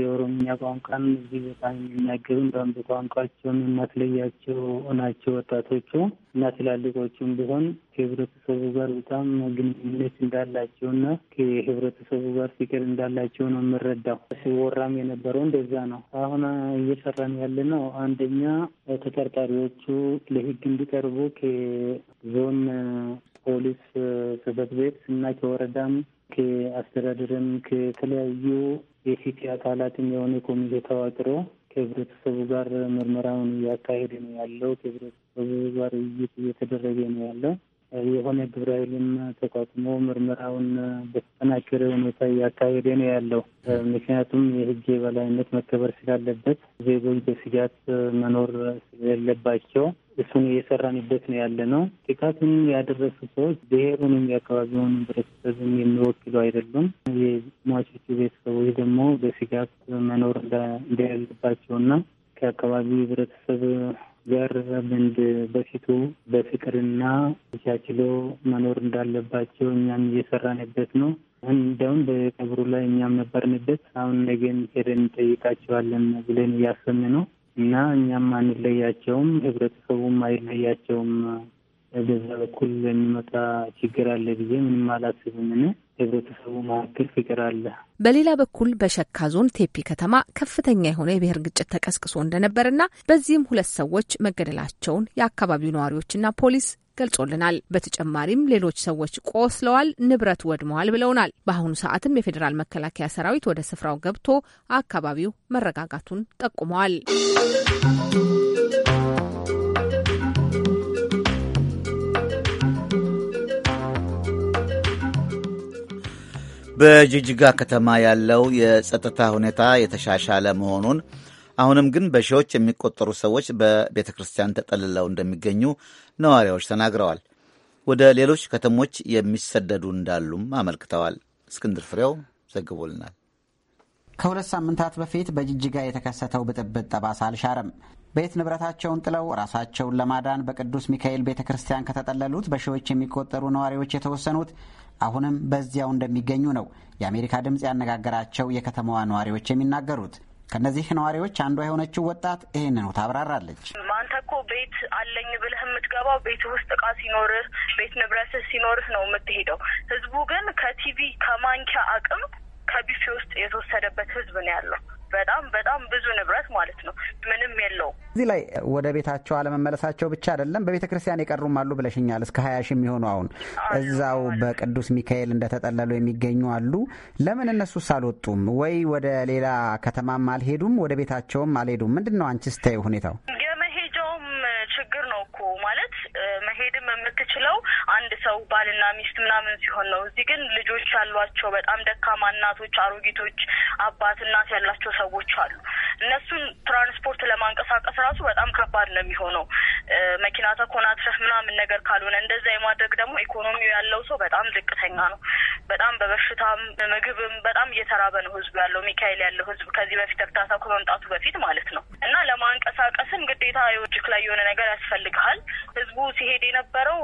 የኦሮምኛ ቋንቋን እዚህ ቦታ የሚናገሩ በአንዱ ቋንቋቸውን የማትለያቸው ናቸው ወጣቶቹ እና ትላልቆቹም ቢሆን ከህብረተሰቡ ጋር በጣም ግንኙነት እንዳላቸው እና ከህብረተሰቡ ጋር ፍቅር እንዳላቸው ነው የምረዳው። ሲወራም የነበረው እንደዛ ነው። አሁን እየሰራን ያለ ነው። አንደኛ ተጠርጣሪዎቹ ለህግ እንዲቀርቡ ከዞን ፖሊስ ጽህፈት ቤት እና ከወረዳም ከአስተዳደርም ከተለያዩ የሲቲ አካላትም የሆነ ኮሚቴ ተዋቅሮ ከህብረተሰቡ ጋር ምርመራውን እያካሄድ ነው ያለው። ከህብረተሰቡ ጋር ውይይት እየተደረገ ነው ያለው። የሆነ ግብረ ኃይልም ተቋቁሞ ምርመራውን በተጠናከረ ሁኔታ እያካሄደ ነው ያለው። ምክንያቱም የሕግ የበላይነት መከበር ስላለበት ዜጎች በስጋት መኖር ስለሌለባቸው እሱን እየሰራንበት ነው ያለ ነው። ጥቃቱን ያደረሱ ሰዎች ብሔሩንም የአካባቢውን ህብረተሰብን የሚወክሉ አይደሉም። የሟቾቹ ቤተሰቦች ደግሞ በስጋት መኖር እንደሌለባቸውና ከአካባቢው ህብረተሰብ ዘር በንድ በፊቱ በፍቅርና ተቻችሎ መኖር እንዳለባቸው እኛም እየሰራንበት ነው። እንደውም በቀብሩ ላይ እኛም ነበርንበት። አሁን ነገን ሄደን እንጠይቃቸዋለን ብለን እያሰብን ነው እና እኛም አንለያቸውም፣ ህብረተሰቡም አይለያቸውም በዛ በኩል የሚመጣ ችግር አለ ጊዜ ምንም አላስብም። ህብረተሰቡ መካከል ፍቅር አለ። በሌላ በኩል በሸካ ዞን ቴፒ ከተማ ከፍተኛ የሆነ የብሔር ግጭት ተቀስቅሶ እንደነበርና በዚህም ሁለት ሰዎች መገደላቸውን የአካባቢው ነዋሪዎችና ፖሊስ ገልጾልናል። በተጨማሪም ሌሎች ሰዎች ቆስለዋል፣ ንብረት ወድመዋል ብለውናል። በአሁኑ ሰዓትም የፌዴራል መከላከያ ሰራዊት ወደ ስፍራው ገብቶ አካባቢው መረጋጋቱን ጠቁመዋል። በጅጅጋ ከተማ ያለው የጸጥታ ሁኔታ የተሻሻለ መሆኑን አሁንም ግን በሺዎች የሚቆጠሩ ሰዎች በቤተ ክርስቲያን ተጠልለው እንደሚገኙ ነዋሪዎች ተናግረዋል። ወደ ሌሎች ከተሞች የሚሰደዱ እንዳሉም አመልክተዋል። እስክንድር ፍሬው ዘግቦልናል። ከሁለት ሳምንታት በፊት በጅጅጋ የተከሰተው ብጥብጥ ጠባሳ አልሻረም። ቤት ንብረታቸውን ጥለው ራሳቸውን ለማዳን በቅዱስ ሚካኤል ቤተ ክርስቲያን ከተጠለሉት በሺዎች የሚቆጠሩ ነዋሪዎች የተወሰኑት አሁንም በዚያው እንደሚገኙ ነው የአሜሪካ ድምፅ ያነጋገራቸው የከተማዋ ነዋሪዎች የሚናገሩት። ከእነዚህ ነዋሪዎች አንዷ የሆነችው ወጣት ይህንኑ ታብራራለች። ማንተ እኮ ቤት አለኝ ብለህ የምትገባው ቤት ውስጥ እቃ ሲኖርህ፣ ቤት ንብረትህ ሲኖርህ ነው የምትሄደው። ህዝቡ ግን ከቲቪ ከማንኪያ አቅም ከቢፌ ውስጥ የተወሰደበት ህዝብ ነው ያለው። በጣም በጣም ብዙ ንብረት ማለት ነው። ምንም የለውም። እዚህ ላይ ወደ ቤታቸው አለመመለሳቸው ብቻ አይደለም፣ በቤተ ክርስቲያን የቀሩም አሉ ብለሽኛል። እስከ ሀያ ሺህ የሚሆኑ አሁን እዛው በቅዱስ ሚካኤል እንደተጠለሉ የሚገኙ አሉ። ለምን እነሱስ አልወጡም ወይ? ወደ ሌላ ከተማም አልሄዱም፣ ወደ ቤታቸውም አልሄዱም። ምንድን ነው አንቺ ስታዩ ሁኔታው? የሚችለው አንድ ሰው ባልና ሚስት ምናምን ሲሆን ነው። እዚህ ግን ልጆች ያሏቸው በጣም ደካማ እናቶች፣ አሮጊቶች፣ አባት እናት ያላቸው ሰዎች አሉ። እነሱን ትራንስፖርት ለማንቀሳቀስ ራሱ በጣም ከባድ ነው የሚሆነው መኪና ተኮናትረህ ምናምን ነገር ካልሆነ። እንደዛ የማድረግ ደግሞ ኢኮኖሚው ያለው ሰው በጣም ዝቅተኛ ነው። በጣም በበሽታም ምግብም በጣም እየተራበ ነው ህዝቡ ያለው። ሚካኤል ያለው ህዝብ ከዚህ በፊት እርዳታ ከመምጣቱ በፊት ማለት ነው። እና ለማንቀሳቀስም ግዴታ የውጭክ ላይ የሆነ ነገር ያስፈልግሃል። ህዝቡ ሲሄድ የነበረው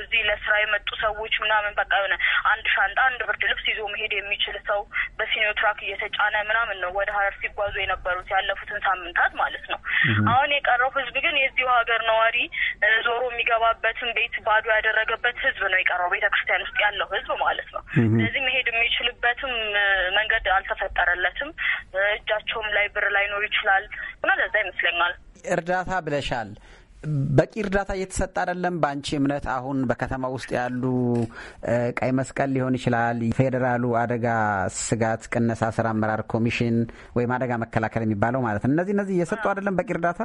እዚህ ለስራ የመጡ ሰዎች ምናምን በቃ የሆነ አንድ ሻንጣ አንድ ብርድ ልብስ ይዞ መሄድ የሚችል ሰው በሲኒዮ ትራክ እየተጫነ ምናምን ነው ወደ ሀረር ሲጓዙ የነበሩት ያለፉትን ሳምንታት ማለት ነው። አሁን የቀረው ህዝብ ግን የዚሁ ሀገር ነዋሪ ዞሮ የሚገባበትን ቤት ባዶ ያደረገበት ህዝብ ነው የቀረው፣ ቤተ ክርስቲያን ውስጥ ያለው ህዝብ ማለት ነው። ስለዚህ መሄድ የሚችልበትም መንገድ አልተፈጠረለትም። እጃቸውም ላይ ብር ላይኖር ይችላል እና ለዛ ይመስለኛል እርዳታ ብለሻል በቂ እርዳታ እየተሰጠ አይደለም። በአንቺ እምነት አሁን በከተማ ውስጥ ያሉ ቀይ መስቀል ሊሆን ይችላል፣ ፌዴራሉ አደጋ ስጋት ቅነሳ ስራ አመራር ኮሚሽን ወይም አደጋ መከላከል የሚባለው ማለት ነው። እነዚህ እነዚህ እየሰጡ አይደለም በቂ እርዳታ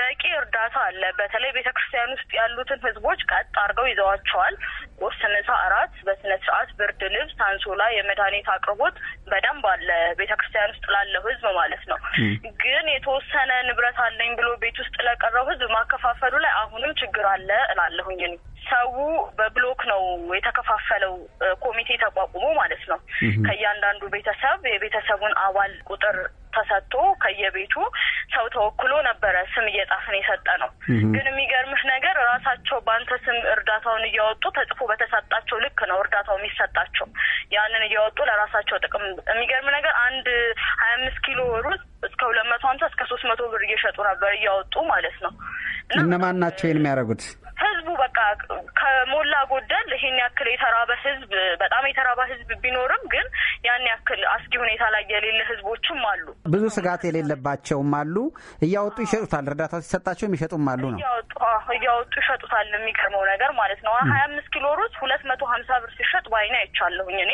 በቂ እርዳታ አለ። በተለይ ቤተ ክርስቲያን ውስጥ ያሉትን ህዝቦች ቀጥ አድርገው ይዘዋቸዋል። ቁርስ፣ ምሳ፣ እራት በስነ ስርዓት ብርድ ልብስ፣ ታንሶላ የመድኃኒት አቅርቦት በደንብ አለ ቤተ ክርስቲያን ውስጥ ላለው ህዝብ ማለት ነው። ግን የተወሰነ ንብረት አለኝ ብሎ ቤት ውስጥ ለቀረው ህዝብ ማከፋፈሉ ላይ አሁንም ችግር አለ እላለሁኝ። ሰው በብሎክ ነው የተከፋፈለው። ኮሚቴ ተቋቁሞ ማለት ነው። ከእያንዳንዱ ቤተሰብ የቤተሰቡን አባል ቁጥር ተሰጥቶ ከየቤቱ ሰው ተወክሎ ነበረ ስም እየጻፍን የሰጠ ነው። ግን የሚገርምህ ነገር ራሳቸው በአንተ ስም እርዳታውን እያወጡ ተጽፎ በተሰጣቸው ልክ ነው እርዳታው የሚሰጣቸው። ያንን እያወጡ ለራሳቸው ጥቅም የሚገርም ነገር አንድ ሀያ አምስት ኪሎ ሩዝ እስከ ሁለት መቶ ሀምሳ እስከ ሶስት መቶ ብር እየሸጡ ነበር እያወጡ ማለት ነው። እነማን ናቸው ይህን የሚያደርጉት? ህዝቡ በቃ ከሞላ ጎደል ይሄን ያክል የተራበ ህዝብ በጣም የተራበ ህዝብ ቢኖርም ግን ያን ያክል አስጊ ሁኔታ ላይ የሌለ ህዝቦችም አሉ። ብዙ ስጋት የሌለባቸውም አሉ። እያወጡ ይሸጡታል። እርዳታ ሲሰጣቸው የሚሸጡም አሉ ነው እያወጡ ይሸጡታል። የሚገርመው ነገር ማለት ነው ሀያ አምስት ኪሎ ሩዝ ሁለት መቶ ሀምሳ ብር ሲሸጥ በአይኔ አይቻለሁኝ እኔ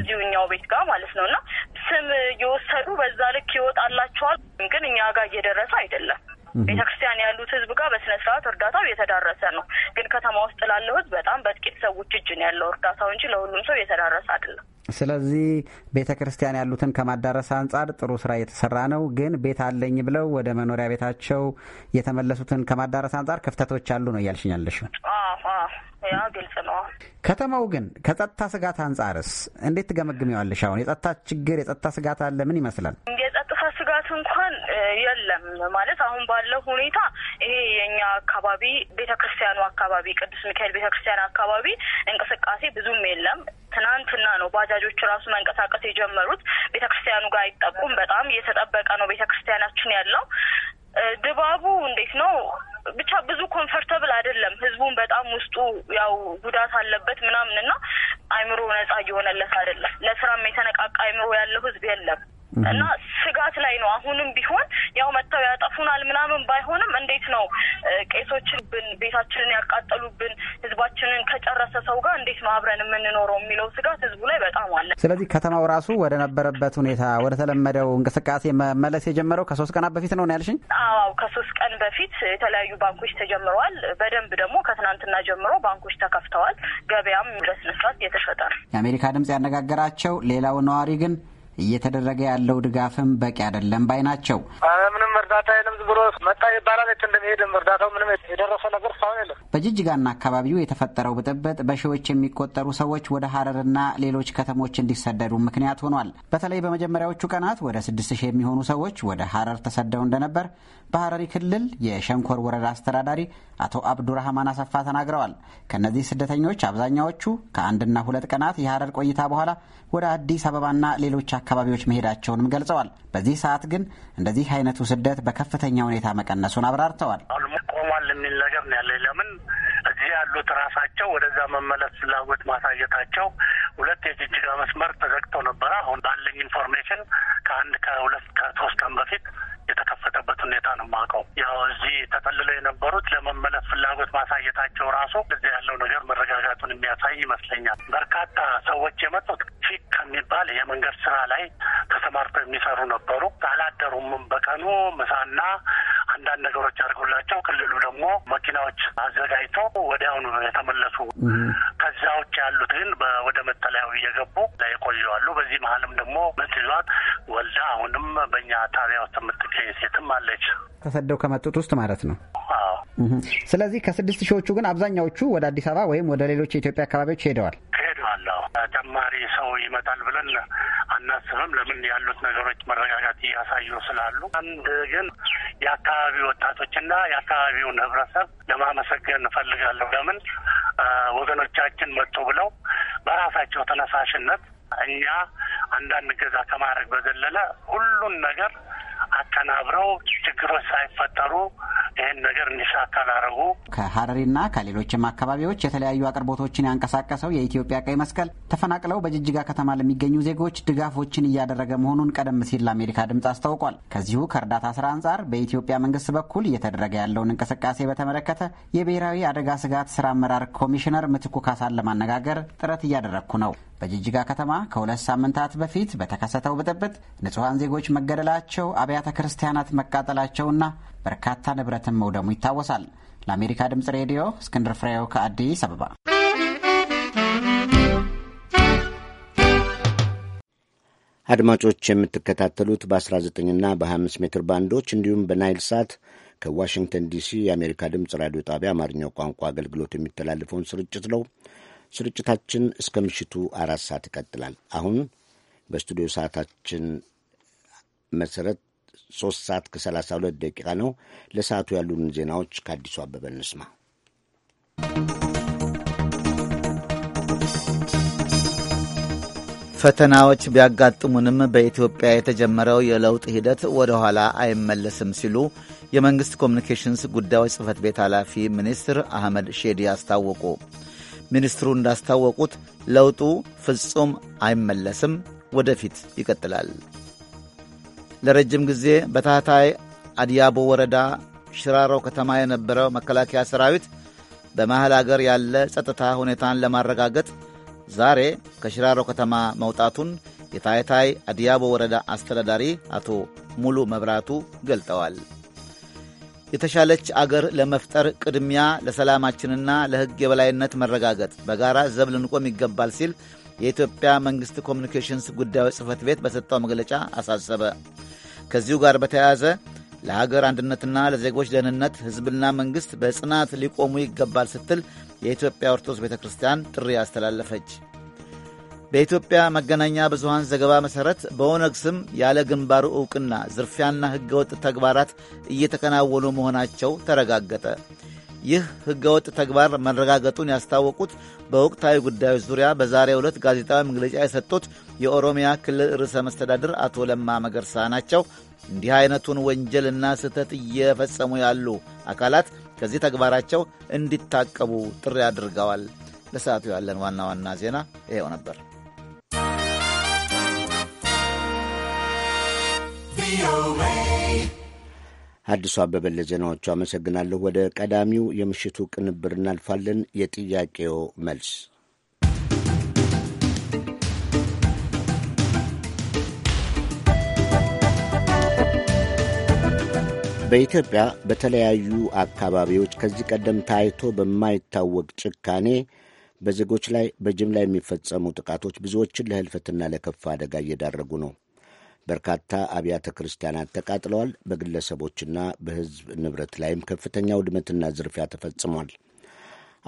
እዚሁ እኛው ቤት ጋር ማለት ነው እና ስም እየወሰዱ በዛ ልክ ይወጣላቸዋል። ግን እኛ ጋር እየደረሰ አይደለም። ቤተክርስቲያን ያሉት ህዝብ ጋር በስነ ስርዓት እርዳታው እየተዳረሰ ነው። ግን ከተማ ውስጥ ላለው ህዝብ በጣም በጥቂት ሰዎች እጅ ነው ያለው እርዳታው እንጂ ለሁሉም ሰው እየተዳረሰ አይደለም። ስለዚህ ቤተ ክርስቲያን ያሉትን ከማዳረስ አንጻር ጥሩ ስራ እየተሰራ ነው። ግን ቤት አለኝ ብለው ወደ መኖሪያ ቤታቸው የተመለሱትን ከማዳረስ አንጻር ክፍተቶች አሉ ነው እያልሽኛለሽ? ያ ግልጽ ነው። ከተማው ግን ከጸጥታ ስጋት አንጻርስ እንዴት ትገመግሚዋለሽ? አሁን የጸጥታ ችግር የጸጥታ ስጋት አለ ምን ይመስላል? የጸጥታ ስጋት እንኳን የለም ማለት አሁን ባለው ሁኔታ ይሄ የኛ አካባቢ ቤተክርስቲያኑ አካባቢ ቅዱስ ሚካኤል ቤተክርስቲያን አካባቢ እንቅስቃሴ ብዙም የለም። ትናንትና ነው ባጃጆች ራሱ መንቀሳቀስ የጀመሩት። ቤተክርስቲያኑ ጋር አይጠቁም። በጣም እየተጠበቀ ነው ቤተክርስቲያናችን ያለው ድባቡ እንዴት ነው? ብቻ ብዙ ኮንፈርተብል አይደለም። ህዝቡን በጣም ውስጡ ያው ጉዳት አለበት ምናምን እና አይምሮ ነጻ እየሆነለት አይደለም። ለስራም የተነቃቃ አይምሮ ያለው ህዝብ የለም። እና ስጋት ላይ ነው። አሁንም ቢሆን ያው መጥተው ያጠፉናል ምናምን ባይሆንም እንዴት ነው ቄሶችን ብን ቤታችንን ያቃጠሉብን ህዝባችንን ከጨረሰ ሰው ጋር እንዴት ነው አብረን የምንኖረው የሚለው ስጋት ህዝቡ ላይ በጣም አለ። ስለዚህ ከተማው ራሱ ወደ ነበረበት ሁኔታ ወደ ተለመደው እንቅስቃሴ መመለስ የጀመረው ከሶስት ቀናት በፊት ነው ያልሽኝ? አዎ ከሶስት ቀን በፊት የተለያዩ ባንኮች ተጀምረዋል። በደንብ ደግሞ ከትናንትና ጀምሮ ባንኮች ተከፍተዋል። ገበያም መስራት የተሸጠ ነው። የአሜሪካ ድምጽ ያነጋገራቸው ሌላው ነዋሪ ግን እየተደረገ ያለው ድጋፍም በቂ አይደለም ባይ ናቸው። ምንም እርዳታ የለም ብሎ መጣ ይባላል የት እንደሚሄድም እርዳታው ምንም የደረሰ ነገር እስካሁን የለም። በጅጅጋና አካባቢው የተፈጠረው ብጥብጥ በሺዎች የሚቆጠሩ ሰዎች ወደ ሀረርና ሌሎች ከተሞች እንዲሰደዱ ምክንያት ሆኗል። በተለይ በመጀመሪያዎቹ ቀናት ወደ ስድስት ሺህ የሚሆኑ ሰዎች ወደ ሀረር ተሰደው እንደነበር በሀረሪ ክልል የሸንኮር ወረዳ አስተዳዳሪ አቶ አብዱራህማን አሰፋ ተናግረዋል። ከእነዚህ ስደተኞች አብዛኛዎቹ ከአንድና ሁለት ቀናት የሀረር ቆይታ በኋላ ወደ አዲስ አበባና ሌሎች አካባቢዎች መሄዳቸውንም ገልጸዋል። በዚህ ሰዓት ግን እንደዚህ አይነቱ ስደት በከፍተኛ ሁኔታ መቀነሱን አብራርተዋል። ቆሟል የሚል ነገር ነው ያለ የሚያደርጉት ራሳቸው ወደዛ መመለስ ፍላጎት ማሳየታቸው። ሁለት የጅጅጋ መስመር ተዘግተው ነበረ። አሁን ባለኝ ኢንፎርሜሽን ከአንድ ከሁለት ከሶስት ቀን በፊት የተከፈተበት ሁኔታ ነው የማውቀው። ያው እዚህ ተጠልለው የነበሩት ለመመለስ ፍላጎት ማሳየታቸው ራሱ እዚህ ያለው ነገር መረጋጋቱን የሚያሳይ ይመስለኛል። በርካታ ሰዎች የመጡት ፊክ ከሚባል የመንገድ ስራ ላይ ተሰማርተው የሚሰሩ ነበሩ። አላደሩም። በቀኑ ምሳና አንዳንድ ነገሮች አድርጎላቸው ክልሉ ደግሞ መኪናዎች አዘጋጅቶ ወዲያውኑ ነው የተመለሱ። ከዛ ውጭ ያሉት ግን ወደ መጠለያው እየገቡ ላይ የቆዩ አሉ። በዚህ መሀልም ደግሞ ምጥ ወልዳ አሁንም በእኛ ጣቢያ ውስጥ የምትገኝ ሴትም አለች። ተሰደው ከመጡት ውስጥ ማለት ነው። ስለዚህ ከስድስት ሺዎቹ ግን አብዛኛዎቹ ወደ አዲስ አበባ ወይም ወደ ሌሎች የኢትዮጵያ አካባቢዎች ሄደዋል። አለው። ተጨማሪ ሰው ይመጣል ብለን አናስብም። ለምን ያሉት ነገሮች መረጋጋት እያሳዩ ስላሉ፣ አንድ ግን የአካባቢ ወጣቶችና የአካባቢውን ህብረተሰብ ለማመሰገን እፈልጋለሁ። ለምን ወገኖቻችን መጡ ብለው በራሳቸው ተነሳሽነት እኛ አንዳንድ ገዛ ከማድረግ በዘለለ ሁሉን ነገር አተናብረው ችግሮች ሳይፈጠሩ ይህን ነገር እንዲሳካ ላደረጉ ከሀረሪና ከሌሎችም አካባቢዎች የተለያዩ አቅርቦቶችን ያንቀሳቀሰው የኢትዮጵያ ቀይ መስቀል ተፈናቅለው በጅጅጋ ከተማ ለሚገኙ ዜጎች ድጋፎችን እያደረገ መሆኑን ቀደም ሲል ለአሜሪካ ድምፅ አስታውቋል። ከዚሁ ከእርዳታ ስራ አንጻር በኢትዮጵያ መንግስት በኩል እየተደረገ ያለውን እንቅስቃሴ በተመለከተ የብሔራዊ አደጋ ስጋት ስራ አመራር ኮሚሽነር ምትኩ ካሳን ለማነጋገር ጥረት እያደረግኩ ነው። በጅጅጋ ከተማ ከሁለት ሳምንታት በፊት በተከሰተው ብጥብጥ ንጹሐን ዜጎች መገደላቸው አብያ አብያተ ክርስቲያናት መቃጠላቸውና በርካታ ንብረትን መውደሙ ይታወሳል። ለአሜሪካ ድምፅ ሬዲዮ እስክንድር ፍሬው ከአዲስ አበባ። አድማጮች የምትከታተሉት በ 19 እና በ25 ሜትር ባንዶች እንዲሁም በናይል ሳት ከዋሽንግተን ዲሲ የአሜሪካ ድምፅ ራዲዮ ጣቢያ አማርኛው ቋንቋ አገልግሎት የሚተላለፈውን ስርጭት ነው። ስርጭታችን እስከ ምሽቱ አራት ሰዓት ይቀጥላል። አሁን በስቱዲዮ ሰዓታችን መሰረት ሶስት ሰዓት ከሰላሳ ሁለት ደቂቃ ነው። ለሰዓቱ ያሉን ዜናዎች ከአዲሱ አበበ እንስማ። ፈተናዎች ቢያጋጥሙንም በኢትዮጵያ የተጀመረው የለውጥ ሂደት ወደ ኋላ አይመለስም ሲሉ የመንግሥት ኮሚኒኬሽንስ ጉዳዮች ጽህፈት ቤት ኃላፊ ሚኒስትር አህመድ ሼዲ አስታወቁ። ሚኒስትሩ እንዳስታወቁት ለውጡ ፍጹም አይመለስም፣ ወደፊት ይቀጥላል። ለረጅም ጊዜ በታህታይ አድያቦ ወረዳ ሽራሮ ከተማ የነበረው መከላከያ ሰራዊት በመሐል አገር ያለ ጸጥታ ሁኔታን ለማረጋገጥ ዛሬ ከሽራሮ ከተማ መውጣቱን የታይታይ አድያቦ ወረዳ አስተዳዳሪ አቶ ሙሉ መብራቱ ገልጠዋል። የተሻለች አገር ለመፍጠር ቅድሚያ ለሰላማችንና ለሕግ የበላይነት መረጋገጥ በጋራ ዘብ ልንቆም ይገባል ሲል የኢትዮጵያ መንግሥት ኮሚኒኬሽንስ ጉዳዮች ጽሕፈት ቤት በሰጠው መግለጫ አሳሰበ። ከዚሁ ጋር በተያያዘ ለሀገር አንድነትና ለዜጎች ደህንነት ሕዝብና መንግሥት በጽናት ሊቆሙ ይገባል ስትል የኢትዮጵያ ኦርቶዶክስ ቤተ ክርስቲያን ጥሪ አስተላለፈች። በኢትዮጵያ መገናኛ ብዙሃን ዘገባ መሠረት በኦነግ ስም ያለ ግንባሩ ዕውቅና ዝርፊያና ሕገወጥ ተግባራት እየተከናወኑ መሆናቸው ተረጋገጠ። ይህ ህገወጥ ተግባር መረጋገጡን ያስታወቁት በወቅታዊ ጉዳዮች ዙሪያ በዛሬው ዕለት ጋዜጣዊ መግለጫ የሰጡት የኦሮሚያ ክልል ርዕሰ መስተዳድር አቶ ለማ መገርሳ ናቸው። እንዲህ አይነቱን ወንጀልና ስህተት እየፈጸሙ ያሉ አካላት ከዚህ ተግባራቸው እንዲታቀቡ ጥሪ አድርገዋል። ለሰዓቱ ያለን ዋና ዋና ዜና ይኸው ነበር። ቪኦኤ አዲሱ አበበ ለዜናዎቹ አመሰግናለሁ። ወደ ቀዳሚው የምሽቱ ቅንብር እናልፋለን። የጥያቄው መልስ በኢትዮጵያ በተለያዩ አካባቢዎች ከዚህ ቀደም ታይቶ በማይታወቅ ጭካኔ በዜጎች ላይ በጅምላ የሚፈጸሙ ጥቃቶች ብዙዎችን ለህልፈትና ለከፋ አደጋ እየዳረጉ ነው። በርካታ አብያተ ክርስቲያናት ተቃጥለዋል። በግለሰቦችና በሕዝብ ንብረት ላይም ከፍተኛ ውድመትና ዝርፊያ ተፈጽሟል።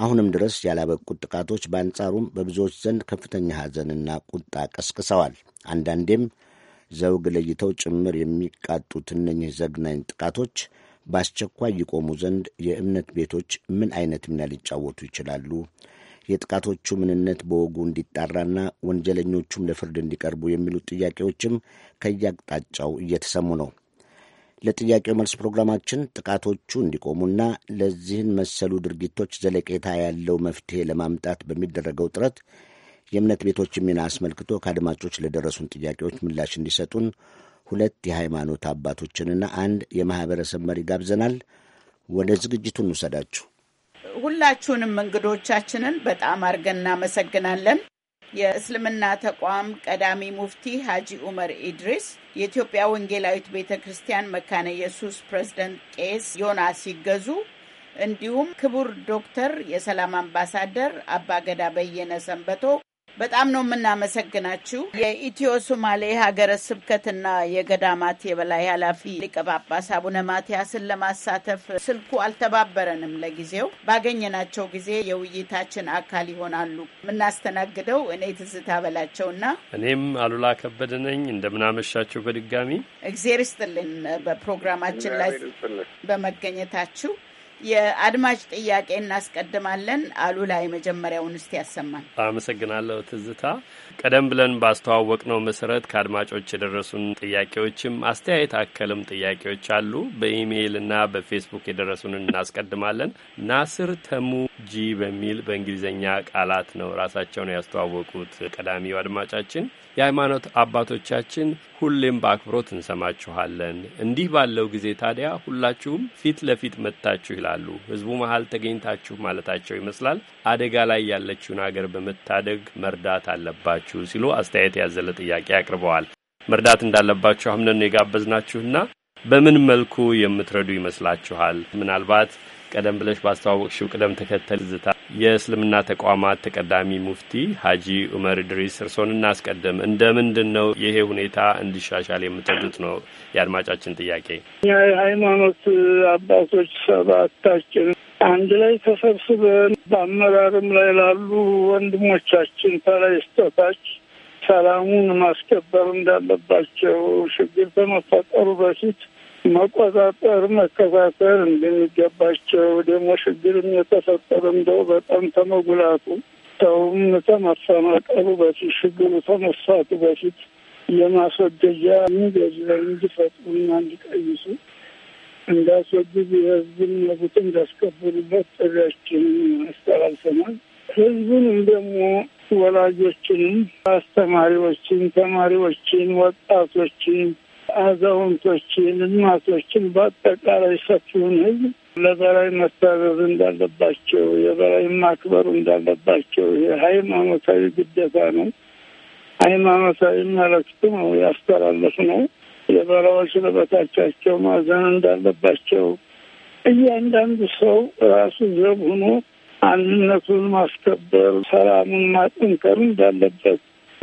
አሁንም ድረስ ያላበቁት ጥቃቶች በአንጻሩም በብዙዎች ዘንድ ከፍተኛ ሐዘንና ቁጣ ቀስቅሰዋል። አንዳንዴም ዘውግ ለይተው ጭምር የሚቃጡት እነኚህ ዘግናኝ ጥቃቶች በአስቸኳይ ይቆሙ ዘንድ የእምነት ቤቶች ምን አይነት ሚና ሊጫወቱ ይችላሉ? የጥቃቶቹ ምንነት በወጉ እንዲጣራና ወንጀለኞቹም ለፍርድ እንዲቀርቡ የሚሉት ጥያቄዎችም ከየአቅጣጫው እየተሰሙ ነው። ለጥያቄው መልስ ፕሮግራማችን ጥቃቶቹ እንዲቆሙና ለዚህን መሰሉ ድርጊቶች ዘለቄታ ያለው መፍትሄ ለማምጣት በሚደረገው ጥረት የእምነት ቤቶች ሚና አስመልክቶ ከአድማጮች ለደረሱን ጥያቄዎች ምላሽ እንዲሰጡን ሁለት የሃይማኖት አባቶችንና አንድ የማኅበረሰብ መሪ ጋብዘናል። ወደ ዝግጅቱ እንውሰዳችሁ። ሁላችሁንም እንግዶቻችንን በጣም አድርገን እናመሰግናለን። የእስልምና ተቋም ቀዳሚ ሙፍቲ ሀጂ ኡመር ኢድሪስ፣ የኢትዮጵያ ወንጌላዊት ቤተ ክርስቲያን መካነ ኢየሱስ ፕሬዝደንት ቄስ ዮና ሲገዙ፣ እንዲሁም ክቡር ዶክተር የሰላም አምባሳደር አባገዳ በየነ ሰንበቶ በጣም ነው የምናመሰግናችሁ። የኢትዮ ሶማሌ ሀገረ ስብከትና የገዳማት የበላይ ኃላፊ ሊቀ ጳጳስ አቡነ ማትያስን ለማሳተፍ ስልኩ አልተባበረንም ለጊዜው። ባገኘናቸው ጊዜ የውይይታችን አካል ይሆናሉ። የምናስተናግደው እኔ ትዝታ በላቸውና እኔም አሉላ ከበደ ነኝ። እንደምናመሻችሁ በድጋሚ እግዜር ይስጥልን በፕሮግራማችን ላይ በመገኘታችሁ የአድማጭ ጥያቄ እናስቀድማለን። አሉላ የመጀመሪያውን እስቲ ያሰማል። አመሰግናለሁ ትዝታ። ቀደም ብለን ባስተዋወቅ ነው መሰረት ከአድማጮች የደረሱን ጥያቄዎችም አስተያየት አከልም ጥያቄዎች አሉ። በኢሜይል እና በፌስቡክ የደረሱን እናስቀድማለን። ናስር ተሙ ጂ በሚል በእንግሊዝኛ ቃላት ነው ራሳቸውን ያስተዋወቁት ቀዳሚው አድማጫችን የሃይማኖት አባቶቻችን ሁሌም በአክብሮት እንሰማችኋለን። እንዲህ ባለው ጊዜ ታዲያ ሁላችሁም ፊት ለፊት መጥታችሁ ይላሉ ህዝቡ መሀል ተገኝታችሁ ማለታቸው ይመስላል አደጋ ላይ ያለችውን አገር በመታደግ መርዳት አለባችሁ ሲሉ አስተያየት ያዘለ ጥያቄ አቅርበዋል። መርዳት እንዳለባችሁ አምነን የጋበዝናችሁና በምን መልኩ የምትረዱ ይመስላችኋል? ምናልባት ቀደም ብለሽ ባስተዋወቅሽው ቅደም ተከተል ዝታ የእስልምና ተቋማት ተቀዳሚ ሙፍቲ ሀጂ ዑመር ድሪስ እርሶን እናስቀድም። እንደ ምንድን ነው ይሄ ሁኔታ እንዲሻሻል የምትወዱት ነው የአድማጫችን ጥያቄ። የሃይማኖት አባቶች ሰባታችን አንድ ላይ ተሰብስበን በአመራርም ላይ ላሉ ወንድሞቻችን ከላይ ሰላሙን ማስከበር እንዳለባቸው ችግር በመፈጠሩ በፊት መቆጣጠር፣ መከታተል እንደሚገባቸው ደግሞ ችግርም የተፈጠረ እንደው በጣም ተመጉላቱ ሰውም ተመፈናቀሉ በፊት ችግሩ ተመሳቱ በፊት የማስወደጃ ሚገዝ ላይ እንዲፈጥሩና እንዲቀይሱ እንዳስወግዙ የህዝብን መብት እንዳስከብሩበት ጥሪያችን አስተላልፈናል። ህዝቡንም ደግሞ ወላጆችንም፣ አስተማሪዎችን፣ ተማሪዎችን፣ ወጣቶችን አዛውንቶችን፣ እናቶችን በአጠቃላይ ሰፊውን ህዝብ ለበላይ መታዘዝ እንዳለባቸው፣ የበላይ ማክበር እንዳለባቸው የሃይማኖታዊ ግዴታ ነው። ሃይማኖታዊ መልእክት ነው ያስተላለፍ ነው። የበላዎች ለበታቻቸው ማዘን እንዳለባቸው እያንዳንዱ ሰው ራሱ ዘብ ሆኖ አንድነቱን ማስከበር፣ ሰላሙን ማጠንከር እንዳለበት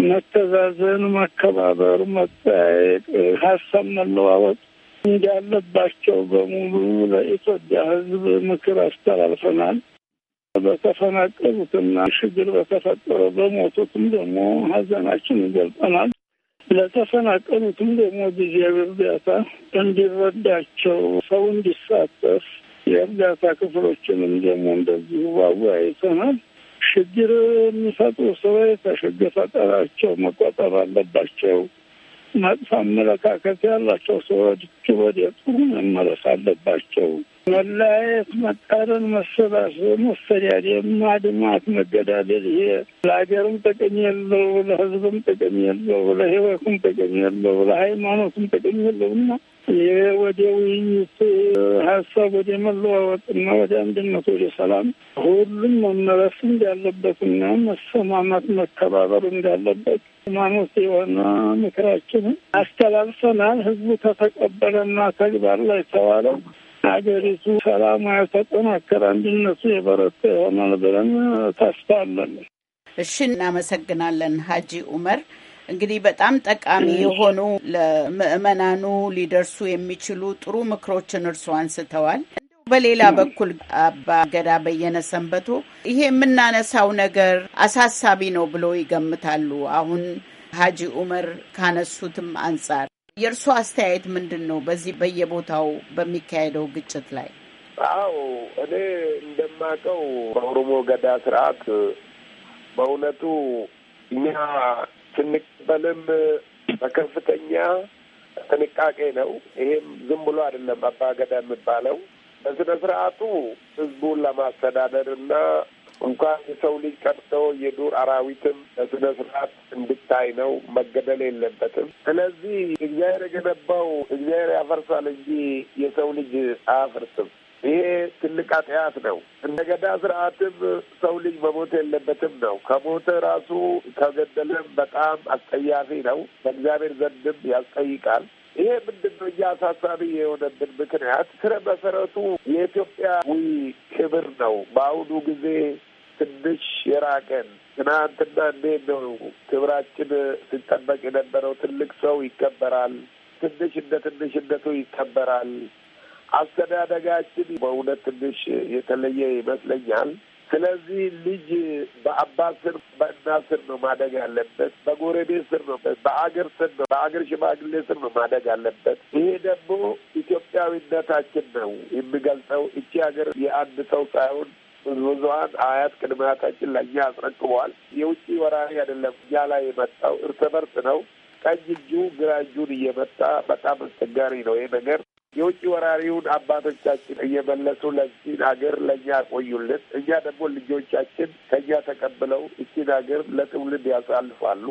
መተዛዘን፣ መከባበር፣ መጠያየቅ፣ ሀሳብ መለዋወጥ እንዳለባቸው በሙሉ ለኢትዮጵያ ሕዝብ ምክር አስተላልፈናል። በተፈናቀሉትና ችግር በተፈጠረ በሞቱትም ደግሞ ሀዘናችን ይገልጠናል። ለተፈናቀሉትም ደግሞ ጊዜያዊ እርዳታ እንዲረዳቸው ሰው እንዲሳተፍ የእርዳታ ክፍሎችንም ደግሞ እንደዚሁ አወያይተናል። ሽግር የሚሰጡ ሰዎች ከችግር ፈጠራቸው መቆጠብ አለባቸው። መጥፎ አመለካከት ያላቸው ሰዎች ወደ ጥሩ መመለስ አለባቸው። መለያየት፣ መቃረን፣ መሰባሰብ፣ መሰዳደብ፣ ማድማት፣ መገዳደል ይሄ ለሀገርም ጥቅም የለው፣ ለህዝብም ጥቅም የለው፣ ለህይወቱም ጥቅም የለው፣ ለሃይማኖትም ጥቅም እና ወደ ውይይት ሀሳብ ወደ መለዋወጥና ወደ አንድነት ወደ ሰላም ሁሉም መመለስ እንዳለበትና መሰማማት መከባበር እንዳለበት ሃይማኖት የሆነ ምክራችንን አስተላልፈናል። ህዝቡ ተተቀበለና ተግባር ላይ ተዋለው ሀገሪቱ ሰላሟ የተጠናከረ አንድነቱ የበረታ ይሆናል ብለን ተስፋ አለን። እሺ፣ እናመሰግናለን ሀጂ ኡመር። እንግዲህ በጣም ጠቃሚ የሆኑ ለምእመናኑ ሊደርሱ የሚችሉ ጥሩ ምክሮችን እርሶ አንስተዋል። በሌላ በኩል አባ ገዳ በየነ ሰንበቶ ይሄ የምናነሳው ነገር አሳሳቢ ነው ብሎ ይገምታሉ። አሁን ሀጂ ኡመር ካነሱትም አንጻር የእርሶ አስተያየት ምንድን ነው? በዚህ በየቦታው በሚካሄደው ግጭት ላይ። አዎ እኔ እንደማውቀው በኦሮሞ ገዳ ስርዓት በእውነቱ እኛ ስንቀበልም በከፍተኛ ጥንቃቄ ነው። ይሄም ዝም ብሎ አይደለም አባገዳ የሚባለው በስነ ስርዓቱ ህዝቡን ለማስተዳደር እና እንኳን የሰው ልጅ ቀርቶ የዱር አራዊትም በስነ ስርዓት እንድታይ ነው። መገደል የለበትም። ስለዚህ እግዚአብሔር የገነባው እግዚአብሔር ያፈርሳል እንጂ የሰው ልጅ አያፈርስም። ይሄ ትልቅ አጥያት ነው። እንደገዳ ስርዓትም ሰው ልጅ መሞት የለበትም ነው። ከሞተ ራሱ ከገደለም በጣም አስጠያፊ ነው። በእግዚአብሔር ዘንድም ያስጠይቃል። ይሄ ምንድን ነው እያሳሳቢ የሆነብን ምክንያት ስረ መሰረቱ የኢትዮጵያዊ ክብር ነው። በአሁኑ ጊዜ ትንሽ የራቀን ትናንትና እንዴት ነው ክብራችን ሲጠበቅ የነበረው? ትልቅ ሰው ይከበራል። ትንሽ እንደ ትንሽነቱ ይከበራል። አስተዳደጋችን በእውነት ትንሽ የተለየ ይመስለኛል። ስለዚህ ልጅ በአባት ስር በእናት ስር ነው ማደግ አለበት። በጎረቤት ስር ነው፣ በአገር ስር ነው፣ በአገር ሽማግሌ ስር ነው ማደግ አለበት። ይሄ ደግሞ ኢትዮጵያዊነታችን ነው የሚገልጸው። እቺ ሀገር የአንድ ሰው ሳይሆን ብዙሀን አያት ቅድመ አያታችን ለእኛ አስረክበዋል። የውጭ ወራሪ አይደለም እኛ ላይ የመጣው እርስ በርስ ነው። ቀኝ እጁ ግራ እጁን እየመጣ በጣም አስቸጋሪ ነው ይሄ ነገር። የውጭ ወራሪውን አባቶቻችን እየመለሱ ለዚህን ሀገር ለእኛ ያቆዩልን፣ እኛ ደግሞ ልጆቻችን ከእኛ ተቀብለው እችን ሀገር ለትውልድ ያሳልፋሉ።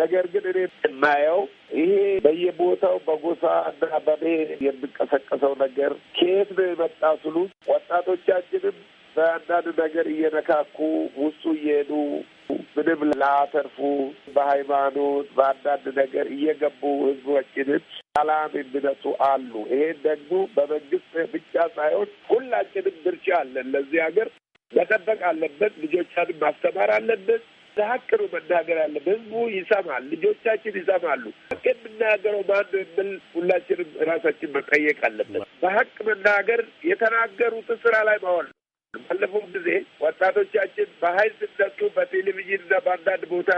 ነገር ግን እኔ የማየው ይሄ በየቦታው በጎሳ እና በብሔር የሚቀሰቀሰው ነገር ከየት ነው የመጣ ስሉ ወጣቶቻችንም በአንዳንድ ነገር እየነካኩ ውሱ እየሄዱ ምንም ላተርፉ በሃይማኖት በአንዳንድ ነገር እየገቡ ህዝቦችንን ሰላም የሚነሱ አሉ። ይሄን ደግሞ በመንግስት ብቻ ሳይሆን ሁላችንም ድርሻ አለን። ለዚህ ሀገር መጠበቅ አለበት። ልጆቻንም ማስተማር አለበት። ሀቅ ነው መናገር ያለብን። ህዝቡ ይሰማል፣ ልጆቻችን ይሰማሉ። ሀቅ የምናገረው ማን የምል ሁላችንም ራሳችን መጠየቅ አለበት። በሀቅ መናገር የተናገሩትን ስራ ላይ ማዋል ባለፈው ጊዜ ወጣቶቻችን በሀይል ሲጠጡ በቴሌቪዥንና በአንዳንድ ቦታ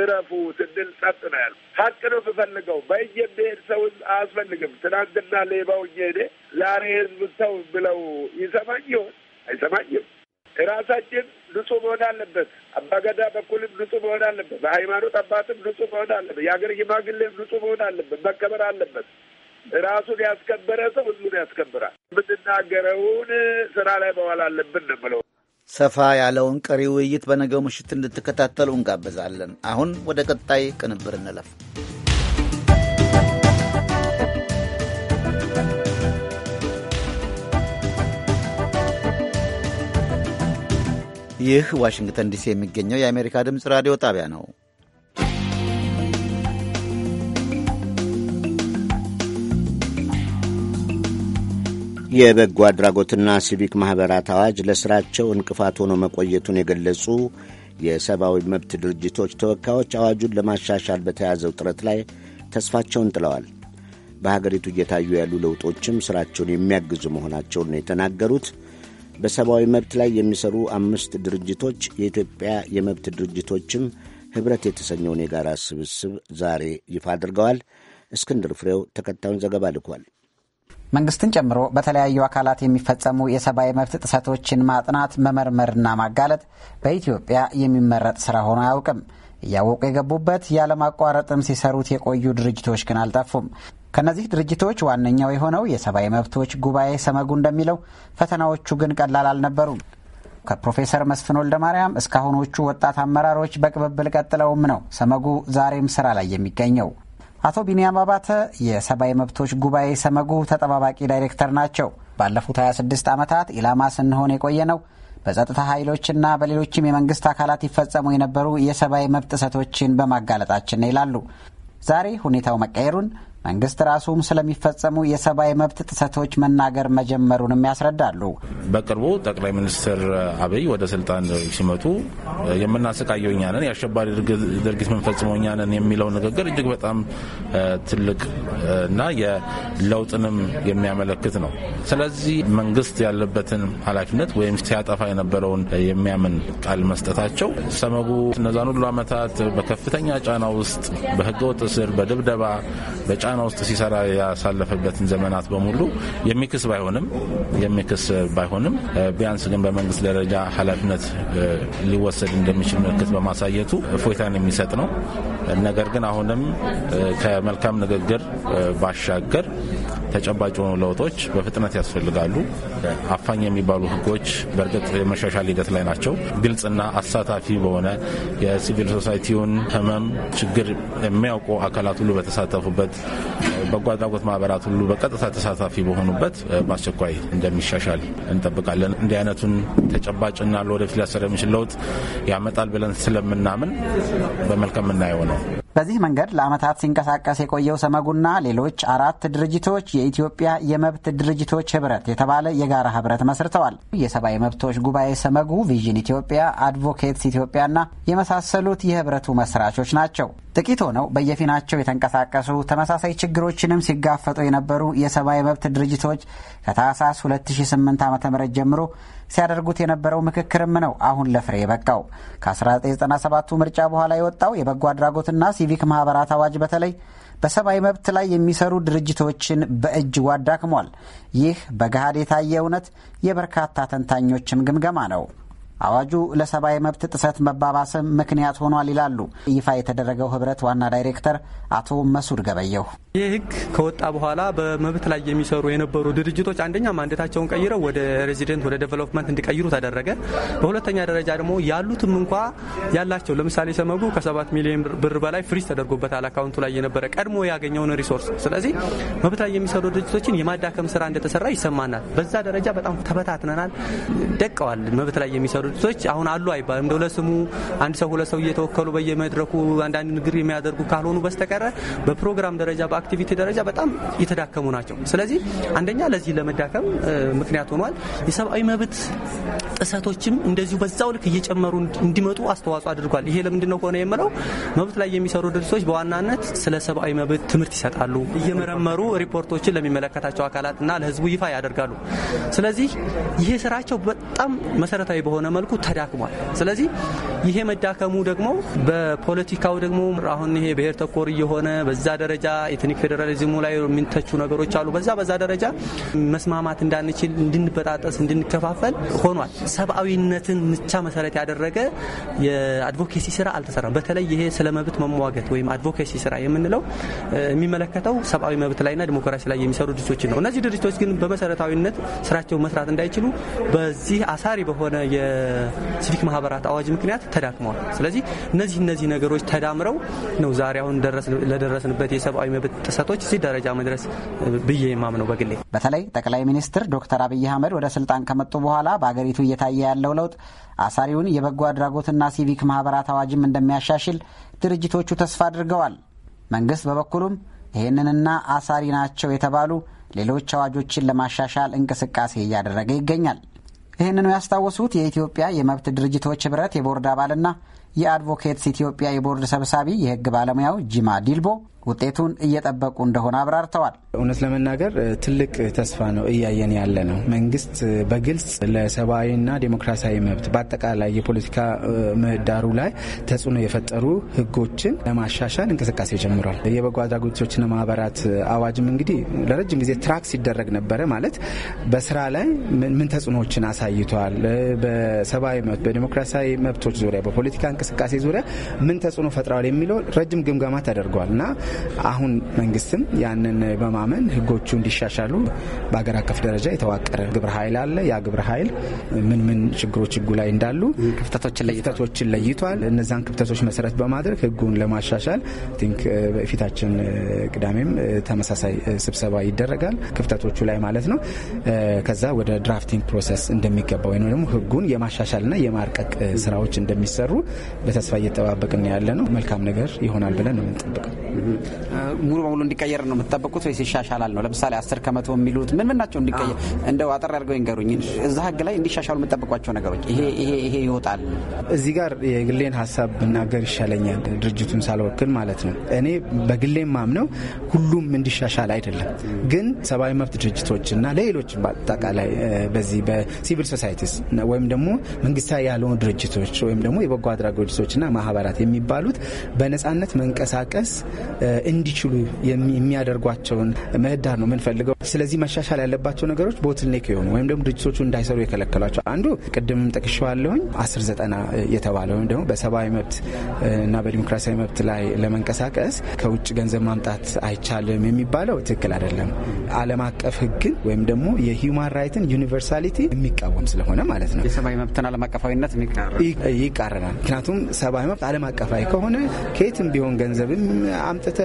እረፉ ስንል ጸጥ ነው ያሉ። ሀቅ ነው የምፈልገው። በየብሄድ ሰው አያስፈልግም። ትናንትና ሌባው እየሄደ ዛሬ ህዝብ ሰው ብለው ይሰማኝ ይሆን? አይሰማኝም። ራሳችን ንጹህ መሆን አለበት። አባገዳ በኩልም ንጹህ መሆን አለበት። በሃይማኖት አባትም ንጹህ መሆን አለበት። የሀገር ሽማግሌም ንጹህ መሆን አለበት። መከበር አለበት። ራሱን ያስከበረ ሰው ህዝቡን ያስከብራል። የምትናገረውን ስራ ላይ መዋል አለብን ነው የምለው። ሰፋ ያለውን ቀሪ ውይይት በነገው ምሽት እንድትከታተሉ እንጋብዛለን። አሁን ወደ ቀጣይ ቅንብር እንለፍ። ይህ ዋሽንግተን ዲሲ የሚገኘው የአሜሪካ ድምፅ ራዲዮ ጣቢያ ነው። የበጎ አድራጎትና ሲቪክ ማኅበራት አዋጅ ለሥራቸው እንቅፋት ሆኖ መቆየቱን የገለጹ የሰብአዊ መብት ድርጅቶች ተወካዮች አዋጁን ለማሻሻል በተያዘው ጥረት ላይ ተስፋቸውን ጥለዋል። በሀገሪቱ እየታዩ ያሉ ለውጦችም ሥራቸውን የሚያግዙ መሆናቸውን ነው የተናገሩት። በሰብአዊ መብት ላይ የሚሰሩ አምስት ድርጅቶች የኢትዮጵያ የመብት ድርጅቶችም ኅብረት የተሰኘውን የጋራ ስብስብ ዛሬ ይፋ አድርገዋል። እስክንድር ፍሬው ተከታዩን ዘገባ ልኳል። መንግስትን ጨምሮ በተለያዩ አካላት የሚፈጸሙ የሰብአዊ መብት ጥሰቶችን ማጥናት መመርመርና ማጋለጥ በኢትዮጵያ የሚመረጥ ስራ ሆኖ አያውቅም። እያወቁ የገቡበት ያለማቋረጥም ሲሰሩት የቆዩ ድርጅቶች ግን አልጠፉም። ከእነዚህ ድርጅቶች ዋነኛው የሆነው የሰብአዊ መብቶች ጉባኤ ሰመጉ እንደሚለው ፈተናዎቹ ግን ቀላል አልነበሩም። ከፕሮፌሰር መስፍን ወልደማርያም እስካሁኖቹ ወጣት አመራሮች በቅብብል ቀጥለውም ነው ሰመጉ ዛሬም ስራ ላይ የሚገኘው። አቶ ቢንያም አባተ የሰብአዊ መብቶች ጉባኤ ሰመጉ ተጠባባቂ ዳይሬክተር ናቸው። ባለፉት 26 ዓመታት ኢላማ ስንሆን የቆየ ነው በጸጥታ ኃይሎችና በሌሎችም የመንግስት አካላት ይፈጸሙ የነበሩ የሰብአዊ መብት ጥሰቶችን በማጋለጣችን ይላሉ። ዛሬ ሁኔታው መቀየሩን መንግስት ራሱም ስለሚፈጸሙ የሰብአዊ መብት ጥሰቶች መናገር መጀመሩንም ያስረዳሉ። በቅርቡ ጠቅላይ ሚኒስትር አብይ ወደ ስልጣን ሲመጡ የምናሰቃየው እኛ የአሸባሪ ድርጊት የምንፈጽመው እኛ የሚለው ንግግር እጅግ በጣም ትልቅ እና የለውጥንም የሚያመለክት ነው። ስለዚህ መንግስት ያለበትን ኃላፊነት ወይም ሲያጠፋ የነበረውን የሚያምን ቃል መስጠታቸው ሰመጉ እነዛን ሁሉ አመታት በከፍተኛ ጫና ውስጥ በህገወጥ እስር፣ በድብደባ፣ በጫ ጫና ውስጥ ሲሰራ ያሳለፈበትን ዘመናት በሙሉ የሚክስ ባይሆንም የሚክስ ባይሆንም ቢያንስ ግን በመንግስት ደረጃ ኃላፊነት ሊወሰድ እንደሚችል ምልክት በማሳየቱ እፎይታን የሚሰጥ ነው። ነገር ግን አሁንም ከመልካም ንግግር ባሻገር ተጨባጭ የሆኑ ለውጦች በፍጥነት ያስፈልጋሉ። አፋኝ የሚባሉ ህጎች በእርግጥ የመሻሻል ሂደት ላይ ናቸው። ግልጽና አሳታፊ በሆነ የሲቪል ሶሳይቲውን ህመም፣ ችግር የሚያውቁ አካላት ሁሉ በተሳተፉበት፣ በጎ አድራጎት ማህበራት ሁሉ በቀጥታ ተሳታፊ በሆኑበት በአስቸኳይ እንደሚሻሻል እንጠብቃለን። እንዲህ አይነቱን ተጨባጭና ለወደፊት ሊያሰር የሚችል ለውጥ ያመጣል ብለን ስለምናምን በመልካም እናየው ነው። በዚህ መንገድ ለዓመታት ሲንቀሳቀስ የቆየው ሰመጉና ሌሎች አራት ድርጅቶች የኢትዮጵያ የመብት ድርጅቶች ህብረት የተባለ የጋራ ህብረት መስርተዋል። የሰብአዊ መብቶች ጉባኤ ሰመጉ፣ ቪዥን ኢትዮጵያ፣ አድቮኬትስ ኢትዮጵያና የመሳሰሉት የህብረቱ መስራቾች ናቸው። ጥቂት ሆነው በየፊናቸው የተንቀሳቀሱ ተመሳሳይ ችግሮችንም ሲጋፈጡ የነበሩ የሰብአዊ መብት ድርጅቶች ከታህሳስ 2008 ዓ ም ጀምሮ ሲያደርጉት የነበረው ምክክርም ነው አሁን ለፍሬ የበቃው። ከ1997ቱ ምርጫ በኋላ የወጣው የበጎ አድራጎትና ሲቪክ ማህበራት አዋጅ በተለይ በሰብአዊ መብት ላይ የሚሰሩ ድርጅቶችን በእጅጉ አዳክሟል። ይህ በገሃድ የታየ እውነት የበርካታ ተንታኞችም ግምገማ ነው። አዋጁ ለሰብአዊ መብት ጥሰት መባባስም ምክንያት ሆኗል ይላሉ ይፋ የተደረገው ህብረት ዋና ዳይሬክተር አቶ መሱድ ገበየሁ። ይህ ህግ ከወጣ በኋላ በመብት ላይ የሚሰሩ የነበሩ ድርጅቶች አንደኛ ማንዴታቸውን ቀይረው ወደ ሬዚደንት ወደ ዴቨሎፕመንት እንዲቀይሩ ተደረገ። በሁለተኛ ደረጃ ደግሞ ያሉትም እንኳ ያላቸው ለምሳሌ ሰመጉ ከሰባት ሚሊዮን ብር በላይ ፍሪዝ ተደርጎበታል አካውንቱ ላይ የነበረ ቀድሞ ያገኘውን ሪሶርስ። ስለዚህ መብት ላይ የሚሰሩ ድርጅቶችን የማዳከም ስራ እንደተሰራ ይሰማናል። በዛ ደረጃ በጣም ተበታትነናል፣ ደቀዋል መብት ላይ የሚሰሩ ድርጅቶች አሁን አሉ አይባልም። እንደው ለስሙ አንድ ሰው ሁለት ሰው እየተወከሉ በየመድረኩ አንዳንድ ንግግር የሚያደርጉ ካልሆኑ በስተቀረ በፕሮግራም ደረጃ በአክቲቪቲ ደረጃ በጣም የተዳከሙ ናቸው። ስለዚህ አንደኛ ለዚህ ለመዳከም ምክንያት ሆኗል። የሰብአዊ መብት ጥሰቶችም እንደዚሁ በዛው ልክ እየጨመሩ እንዲመጡ አስተዋጽኦ አድርጓል። ይሄ ለምንድነው ከሆነ የምለው መብት ላይ የሚሰሩ ድርጅቶች በዋናነት ስለ ሰብአዊ መብት ትምህርት ይሰጣሉ፣ እየመረመሩ ሪፖርቶችን ለሚመለከታቸው አካላትና ለህዝቡ ይፋ ያደርጋሉ። ስለዚህ ይሄ ስራቸው በጣም መሰረታዊ በሆነ መልኩ ተዳክሟል። ስለዚህ ይሄ መዳከሙ ደግሞ በፖለቲካው ደግሞ አሁን ይሄ ብሔር ተኮር እየሆነ በዛ ደረጃ ኤትኒክ ፌዴራሊዝሙ ላይ የሚንተቹ ነገሮች አሉ። በዛ በዛ ደረጃ መስማማት እንዳንችል፣ እንድንበጣጠስ፣ እንድንከፋፈል ሆኗል። ሰብአዊነትን ብቻ መሰረት ያደረገ የአድቮኬሲ ስራ አልተሰራም። በተለይ ይሄ ስለ መብት መሟገት ወይም አድቮኬሲ ስራ የምንለው የሚመለከተው ሰብአዊ መብት ላይና ዲሞክራሲ ላይ የሚሰሩ ድርጅቶችን ነው። እነዚህ ድርጅቶች ግን በመሰረታዊነት ስራቸውን መስራት እንዳይችሉ በዚህ አሳሪ በሆነ በሲቪክ ማህበራት አዋጅ ምክንያት ተዳክመዋል። ስለዚህ እነዚህ እነዚህ ነገሮች ተዳምረው ነው ዛሬ አሁን ለደረስንበት የሰብአዊ መብት ጥሰቶች እዚህ ደረጃ መድረስ ብዬ የማምነው በግሌ። በተለይ ጠቅላይ ሚኒስትር ዶክተር አብይ አህመድ ወደ ስልጣን ከመጡ በኋላ በአገሪቱ እየታየ ያለው ለውጥ አሳሪውን የበጎ አድራጎትና ሲቪክ ማህበራት አዋጅም እንደሚያሻሽል ድርጅቶቹ ተስፋ አድርገዋል። መንግስት በበኩሉም ይህንንና አሳሪ ናቸው የተባሉ ሌሎች አዋጆችን ለማሻሻል እንቅስቃሴ እያደረገ ይገኛል። ይህንኑ ያስታወሱት የኢትዮጵያ የመብት ድርጅቶች ህብረት የቦርድ አባልና የአድቮኬትስ ኢትዮጵያ የቦርድ ሰብሳቢ የህግ ባለሙያው ጂማ ዲልቦ ውጤቱን እየጠበቁ እንደሆነ አብራርተዋል። እውነት ለመናገር ትልቅ ተስፋ ነው እያየን ያለ ነው። መንግስት በግልጽ ለሰብአዊና ዴሞክራሲያዊ መብት በአጠቃላይ የፖለቲካ ምህዳሩ ላይ ተጽዕኖ የፈጠሩ ህጎችን ለማሻሻል እንቅስቃሴ ጀምሯል። የበጎ አድራጎቶችና ማህበራት አዋጅም እንግዲህ ለረጅም ጊዜ ትራክ ሲደረግ ነበረ። ማለት በስራ ላይ ምን ተጽዕኖዎችን አሳይቷል፣ በሰብአዊ መብት፣ በዴሞክራሲያዊ መብቶች ዙሪያ፣ በፖለቲካ እንቅስቃሴ ዙሪያ ምን ተጽዕኖ ፈጥረዋል የሚለው ረጅም ግምገማ ተደርጓል እና አሁን መንግስትም ያንን በማመን ህጎቹ እንዲሻሻሉ በሀገር አቀፍ ደረጃ የተዋቀረ ግብረ ኃይል አለ። ያ ግብረ ኃይል ምን ምን ችግሮች ህጉ ላይ እንዳሉ ክፍተቶችን ለይቷል። እነዛን ክፍተቶች መሰረት በማድረግ ህጉን ለማሻሻል ቲንክ uh, ፊታችን uh, ቅዳሜም uh, ተመሳሳይ ስብሰባ ይደረጋል። ክፍተቶቹ ላይ ማለት ነው። ከዛ ወደ ድራፍቲንግ ፕሮሰስ እንደሚገባ ወይም ደግሞ ህጉን የማሻሻልና የማርቀቅ ስራዎች እንደሚሰሩ በተስፋ እየጠባበቅን ያለ ነው። መልካም ነገር ይሆናል ብለን ነው የምንጠብቀው። ሙሉ በሙሉ እንዲቀየር ነው የምትጠብቁት ወይስ ይሻሻላል ነው? ለምሳሌ አስር ከመቶ የሚሉት ምን ምን ናቸው? እንዲቀየር እንደው አጠር አድርገው ይንገሩኝ። እዛ ህግ ላይ እንዲሻሻሉ የምጠብቋቸው ነገሮች ይሄ ይሄ ይሄ ይወጣል። እዚህ ጋር የግሌን ሀሳብ ብናገር ይሻለኛል፣ ድርጅቱን ሳልወክል ማለት ነው። እኔ በግሌ ማምነው ሁሉም እንዲሻሻል አይደለም፣ ግን ሰብአዊ መብት ድርጅቶች እና ለሌሎች በአጠቃላይ በዚህ በሲቪል ሶሳይቲስ ወይም ደግሞ መንግስታዊ ያልሆኑ ድርጅቶች ወይም ደግሞ የበጎ አድራጎት ድርጅቶችና ማህበራት የሚባሉት በነጻነት መንቀሳቀስ እንዲችሉ የሚያደርጓቸውን ምህዳር ነው የምንፈልገው። ስለዚህ መሻሻል ያለባቸው ነገሮች ቦትልኔክ የሆኑ ወይም ደግሞ ድርጅቶቹ እንዳይሰሩ የከለከሏቸው አንዱ ቅድምም ጠቅሼዋለሁኝ አስር ዘጠና የተባለ ወይም ደግሞ በሰብአዊ መብት እና በዲሞክራሲያዊ መብት ላይ ለመንቀሳቀስ ከውጭ ገንዘብ ማምጣት አይቻልም የሚባለው ትክክል አይደለም። ዓለም አቀፍ ሕግን ወይም ደግሞ የሂውማን ራይትን ዩኒቨርሳሊቲ የሚቃወም ስለሆነ ማለት ነው። የሰብአዊ መብትን ዓለም አቀፋዊነት ይቃረናል። ምክንያቱም ሰብአዊ መብት ዓለም አቀፋዊ ከሆነ ከየትም ቢሆን ገንዘብም አምጥተ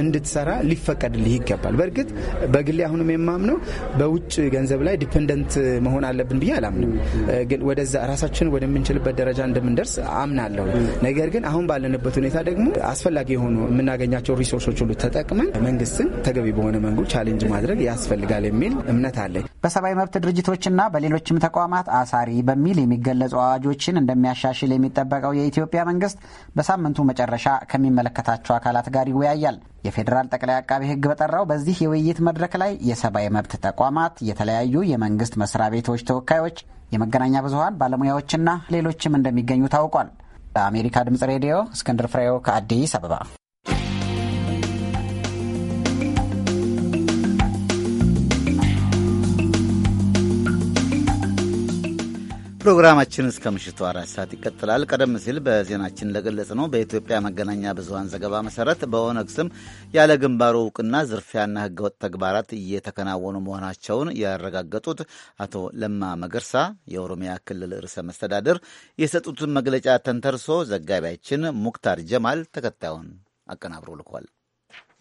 እንድትሰራ ሊፈቀድልህ ይገባል። በእርግጥ በግሌ አሁንም የማምነው በውጭ ገንዘብ ላይ ዲፐንደንት መሆን አለብን ብዬ አላምንም። ግን ወደዛ ራሳችን ወደምንችልበት ደረጃ እንደምንደርስ አምናለሁ። ነገር ግን አሁን ባለንበት ሁኔታ ደግሞ አስፈላጊ የሆኑ የምናገኛቸው ሪሶርሶች ሁሉ ተጠቅመን መንግስትን ተገቢ በሆነ መንገድ ቻሌንጅ ማድረግ ያስፈልጋል የሚል እምነት አለኝ። በሰብአዊ መብት ድርጅቶችና በሌሎችም ተቋማት አሳሪ በሚል የሚገለጹ አዋጆችን እንደሚያሻሽል የሚጠበቀው የኢትዮጵያ መንግስት በሳምንቱ መጨረሻ ከሚመለከታቸው አካላት ጋር ይወያል ይወያያል። የፌዴራል ጠቅላይ አቃቢ ሕግ በጠራው በዚህ የውይይት መድረክ ላይ የሰብአዊ መብት ተቋማት፣ የተለያዩ የመንግስት መስሪያ ቤቶች ተወካዮች፣ የመገናኛ ብዙሀን ባለሙያዎችና ሌሎችም እንደሚገኙ ታውቋል። ለአሜሪካ ድምጽ ሬዲዮ እስክንድር ፍሬው ከአዲስ አበባ ፕሮግራማችን እስከ ምሽቱ አራት ሰዓት ይቀጥላል። ቀደም ሲል በዜናችን ለገለጽ ነው በኢትዮጵያ መገናኛ ብዙሀን ዘገባ መሰረት በኦነግ ስም ያለ ግንባሩ እውቅና ዝርፊያና ህገወጥ ተግባራት እየተከናወኑ መሆናቸውን ያረጋገጡት አቶ ለማ መገርሳ የኦሮሚያ ክልል ርዕሰ መስተዳድር የሰጡትን መግለጫ ተንተርሶ ዘጋቢያችን ሙክታር ጀማል ተከታዩን አቀናብሮ ልኳል።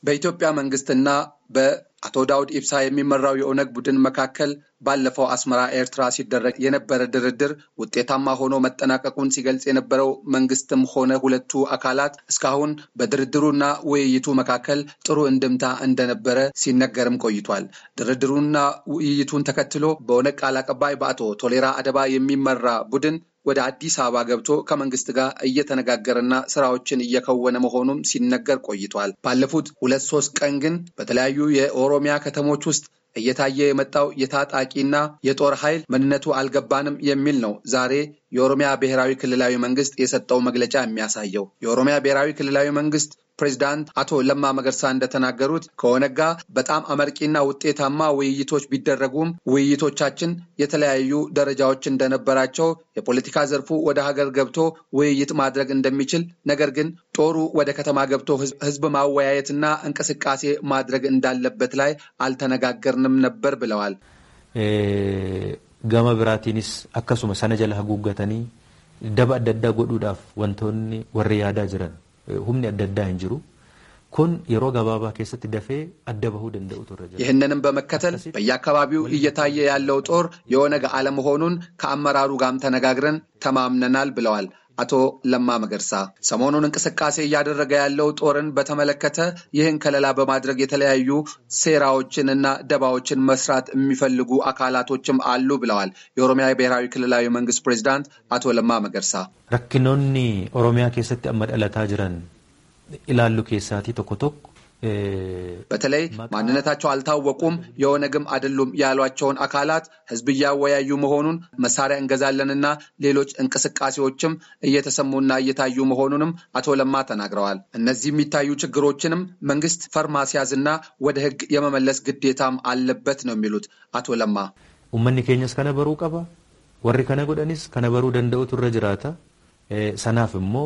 በኢትዮጵያ መንግስትና በአቶ ዳውድ ኢብሳ የሚመራው የኦነግ ቡድን መካከል ባለፈው አስመራ ኤርትራ ሲደረግ የነበረ ድርድር ውጤታማ ሆኖ መጠናቀቁን ሲገልጽ የነበረው መንግስትም ሆነ ሁለቱ አካላት እስካሁን በድርድሩና ውይይቱ መካከል ጥሩ እንድምታ እንደነበረ ሲነገርም ቆይቷል። ድርድሩና ውይይቱን ተከትሎ በኦነግ ቃል አቀባይ በአቶ ቶሌራ አደባ የሚመራ ቡድን ወደ አዲስ አበባ ገብቶ ከመንግስት ጋር እየተነጋገረና ስራዎችን እየከወነ መሆኑም ሲነገር ቆይቷል። ባለፉት ሁለት ሶስት ቀን ግን በተለያዩ የኦሮሚያ ከተሞች ውስጥ እየታየ የመጣው የታጣቂና የጦር ኃይል ምንነቱ አልገባንም የሚል ነው ዛሬ የኦሮሚያ ብሔራዊ ክልላዊ መንግስት የሰጠው መግለጫ የሚያሳየው። የኦሮሚያ ብሔራዊ ክልላዊ መንግስት ፕሬዚዳንት አቶ ለማ መገርሳ እንደተናገሩት ከኦነጋ ጋር በጣም አመርቂና ውጤታማ ውይይቶች ቢደረጉም ውይይቶቻችን የተለያዩ ደረጃዎች እንደነበራቸው፣ የፖለቲካ ዘርፉ ወደ ሀገር ገብቶ ውይይት ማድረግ እንደሚችል፣ ነገር ግን ጦሩ ወደ ከተማ ገብቶ ህዝብ ማወያየትና እንቅስቃሴ ማድረግ እንዳለበት ላይ አልተነጋገርንም ነበር ብለዋል። gama biraatiinis akkasuma sana jala haguuggatanii daba adda addaa godhuudhaaf wantoonni warri yaadaa jiran humni adda addaa hin jiru kun yeroo gabaabaa keessatti dafee adda bahuu danda'u turre jira. Yihannንም በመከተል በየአካባቢው እየታየ ያለው ጦር የኦነግ አለመሆኑን ከአመራሩ ጋርም ተነጋግረን ተማምነናል ብለዋል አቶ ለማ መገርሳ ሰሞኑን እንቅስቃሴ እያደረገ ያለው ጦርን በተመለከተ ይህን ከለላ በማድረግ የተለያዩ ሴራዎችን እና ደባዎችን መስራት የሚፈልጉ አካላቶችም አሉ ብለዋል። የኦሮሚያ ብሔራዊ ክልላዊ መንግስት ፕሬዚዳንት አቶ ለማ መገርሳ ረኪኖኒ ኦሮሚያ ኬሰት አመደለታ ጅረን ኢላሉ ኬሳቲ ቶኮ በተለይ ማንነታቸው አልታወቁም የኦነግም አይደሉም ያሏቸውን አካላት ህዝብ እያወያዩ መሆኑን መሳሪያ እንገዛለንና ሌሎች እንቅስቃሴዎችም እየተሰሙና እየታዩ መሆኑንም አቶ ለማ ተናግረዋል። እነዚህ የሚታዩ ችግሮችንም መንግስት ፈር ማስያዝና ወደ ህግ የመመለስ ግዴታም አለበት ነው የሚሉት አቶ ለማ ኡመኒ ኬኛስ ከነበሩ ቀባ ወሪ ከነጎደኒስ ከነበሩ ደንደኡ ቱረ ጅራታ ሰናፍ ሞ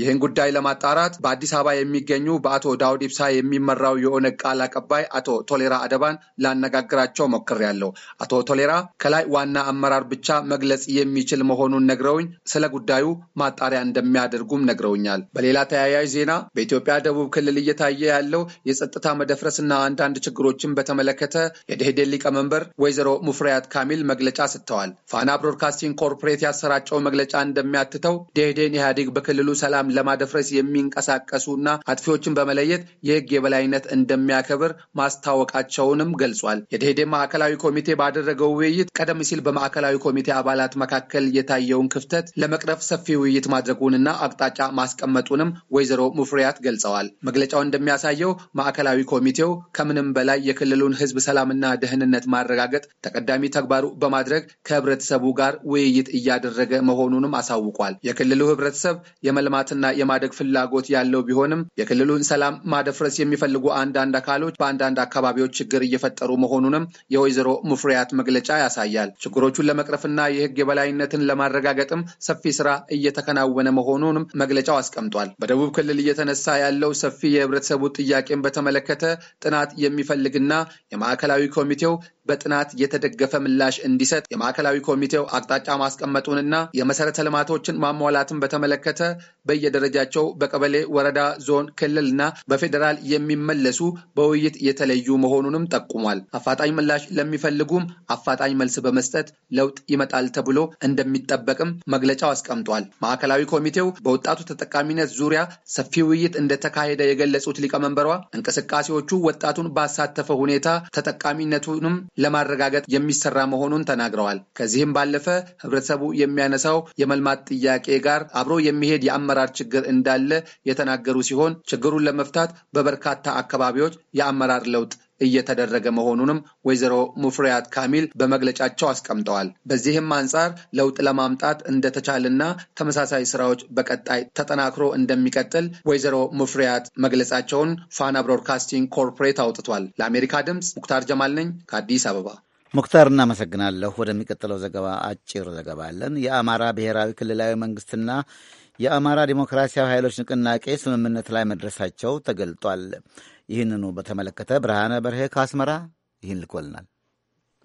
ይህን ጉዳይ ለማጣራት በአዲስ አበባ የሚገኙ በአቶ ዳውድ ኢብሳ የሚመራው የኦነግ ቃል አቀባይ አቶ ቶሌራ አደባን ላነጋግራቸው ሞክሬያለሁ። አቶ ቶሌራ ከላይ ዋና አመራር ብቻ መግለጽ የሚችል መሆኑን ነግረውኝ ስለ ጉዳዩ ማጣሪያ እንደሚያደርጉም ነግረውኛል። በሌላ ተያያዥ ዜና በኢትዮጵያ ደቡብ ክልል እየታየ ያለው የጸጥታ መደፍረስና አንዳንድ ችግሮችን በተመለከተ የደህዴን ሊቀመንበር ወይዘሮ ሙፍሪያት ካሚል መግለጫ ሰጥተዋል። ፋና ብሮድካስቲንግ ኮርፖሬት ያሰራጨው መግለጫ እንደሚያትተው ደኢህዴን ኢህአዴግ በክልሉ ሰላም ለማደፍረስ የሚንቀሳቀሱና አጥፊዎችን በመለየት የህግ የበላይነት እንደሚያከብር ማስታወቃቸውንም ገልጿል። የደኢህዴን ማዕከላዊ ኮሚቴ ባደረገው ውይይት ቀደም ሲል በማዕከላዊ ኮሚቴ አባላት መካከል የታየውን ክፍተት ለመቅረፍ ሰፊ ውይይት ማድረጉንና አቅጣጫ ማስቀመጡንም ወይዘሮ ሙፍሪያት ገልጸዋል። መግለጫው እንደሚያሳየው ማዕከላዊ ኮሚቴው ከምንም በላይ የክልሉን ህዝብ ሰላምና ደህንነት ማረጋገጥ ተቀዳሚ ተግባሩ በማድረግ ከህብረተሰቡ ጋር ውይይት እያደረገ መሆኑንም አሳውቋል። የክልሉ ህብረተሰብ የመልማትና የማደግ ፍላጎት ያለው ቢሆንም የክልሉን ሰላም ማደፍረስ የሚፈልጉ አንዳንድ አካሎች በአንዳንድ አካባቢዎች ችግር እየፈጠሩ መሆኑንም የወይዘሮ ሙፍሪያት መግለጫ ያሳያል። ችግሮቹን ለመቅረፍና የህግ የበላይነትን ለማረጋገጥም ሰፊ ስራ እየተከናወነ መሆኑንም መግለጫው አስቀምጧል። በደቡብ ክልል እየተነሳ ያለው ሰፊ የህብረተሰቡ ጥያቄን በተመለከተ ጥናት የሚፈልግና የማዕከላዊ ኮሚቴው በጥናት የተደገፈ ምላሽ እንዲሰጥ የማዕከላዊ ኮሚቴው አቅጣጫ ማስቀመጡንና የመሰረተ ልማቶችን ማሟላትን በተመለከተ በየደረጃቸው በቀበሌ፣ ወረዳ፣ ዞን፣ ክልልና በፌዴራል የሚመለሱ በውይይት የተለዩ መሆኑንም ጠቁሟል። አፋጣኝ ምላሽ ለሚፈልጉም አፋጣኝ መልስ በመስጠት ለውጥ ይመጣል ተብሎ እንደሚጠበቅም መግለጫው አስቀምጧል። ማዕከላዊ ኮሚቴው በወጣቱ ተጠቃሚነት ዙሪያ ሰፊ ውይይት እንደተካሄደ የገለጹት ሊቀመንበሯ እንቅስቃሴዎቹ ወጣቱን ባሳተፈ ሁኔታ ተጠቃሚነቱንም ለማረጋገጥ የሚሰራ መሆኑን ተናግረዋል። ከዚህም ባለፈ ህብረተሰቡ የሚያነሳው የመልማት ጥያቄ ጋር አብሮ የሚሄድ የአመራር ችግር እንዳለ የተናገሩ ሲሆን ችግሩን ለመፍታት በበርካታ አካባቢዎች የአመራር ለውጥ እየተደረገ መሆኑንም ወይዘሮ ሙፍሪያት ካሚል በመግለጫቸው አስቀምጠዋል። በዚህም አንጻር ለውጥ ለማምጣት እንደተቻለና ተመሳሳይ ስራዎች በቀጣይ ተጠናክሮ እንደሚቀጥል ወይዘሮ ሙፍሪያት መግለጻቸውን ፋና ብሮድካስቲንግ ኮርፖሬት አውጥቷል። ለአሜሪካ ድምፅ ሙክታር ጀማል ነኝ ከአዲስ አበባ። ሙክታር እናመሰግናለሁ። ወደሚቀጥለው ዘገባ አጭር ዘገባ አለን። የአማራ ብሔራዊ ክልላዊ መንግስትና የአማራ ዲሞክራሲያዊ ኃይሎች ንቅናቄ ስምምነት ላይ መድረሳቸው ተገልጧል። ይህንኑ በተመለከተ ብርሃነ በርሄ ከአስመራ ይህን ልኮልናል።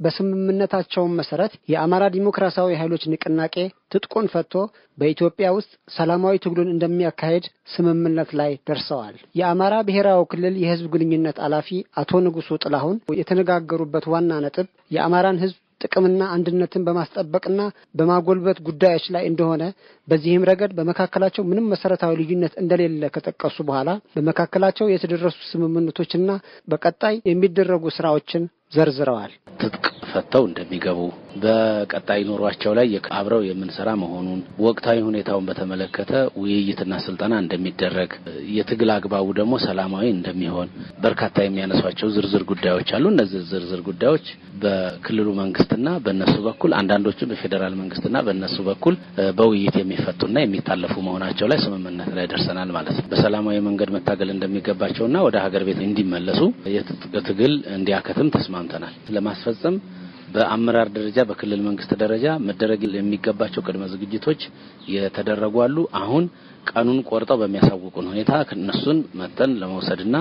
በስምምነታቸውም መሰረት የአማራ ዲሞክራሲያዊ ኃይሎች ንቅናቄ ትጥቁን ፈቶ በኢትዮጵያ ውስጥ ሰላማዊ ትግሉን እንደሚያካሄድ ስምምነት ላይ ደርሰዋል። የአማራ ብሔራዊ ክልል የህዝብ ግንኙነት ኃላፊ አቶ ንጉሱ ጥላሁን የተነጋገሩበት ዋና ነጥብ የአማራን ህዝብ ጥቅምና አንድነትን በማስጠበቅና በማጎልበት ጉዳዮች ላይ እንደሆነ በዚህም ረገድ በመካከላቸው ምንም መሰረታዊ ልዩነት እንደሌለ ከጠቀሱ በኋላ በመካከላቸው የተደረሱ ስምምነቶችና በቀጣይ የሚደረጉ ስራዎችን ዘርዝረዋል። ትጥቅ ፈተው እንደሚገቡ በቀጣይ ኑሯቸው ላይ አብረው የምንሰራ መሆኑን ወቅታዊ ሁኔታውን በተመለከተ ውይይትና ስልጠና እንደሚደረግ የትግል አግባቡ ደግሞ ሰላማዊ እንደሚሆን በርካታ የሚያነሷቸው ዝርዝር ጉዳዮች አሉ። እነዚህ ዝርዝር ጉዳዮች በክልሉ መንግስትና በእነሱ በኩል አንዳንዶቹ በፌዴራል መንግስትና በእነሱ በኩል በውይይት የሚፈቱና የሚታለፉ መሆናቸው ላይ ስምምነት ላይ ደርሰናል ማለት ነው። በሰላማዊ መንገድ መታገል እንደሚገባቸውና ወደ ሀገር ቤት እንዲመለሱ የትጥቅ ትግል እንዲያከትም ተስማምተናል ለማስፈጸም በአመራር ደረጃ በክልል መንግስት ደረጃ መደረግ የሚገባቸው ቅድመ ዝግጅቶች የተደረጉ አሉ። አሁን ቀኑን ቆርጠው በሚያሳውቁን ሁኔታ እነሱን መጠን ለመውሰድና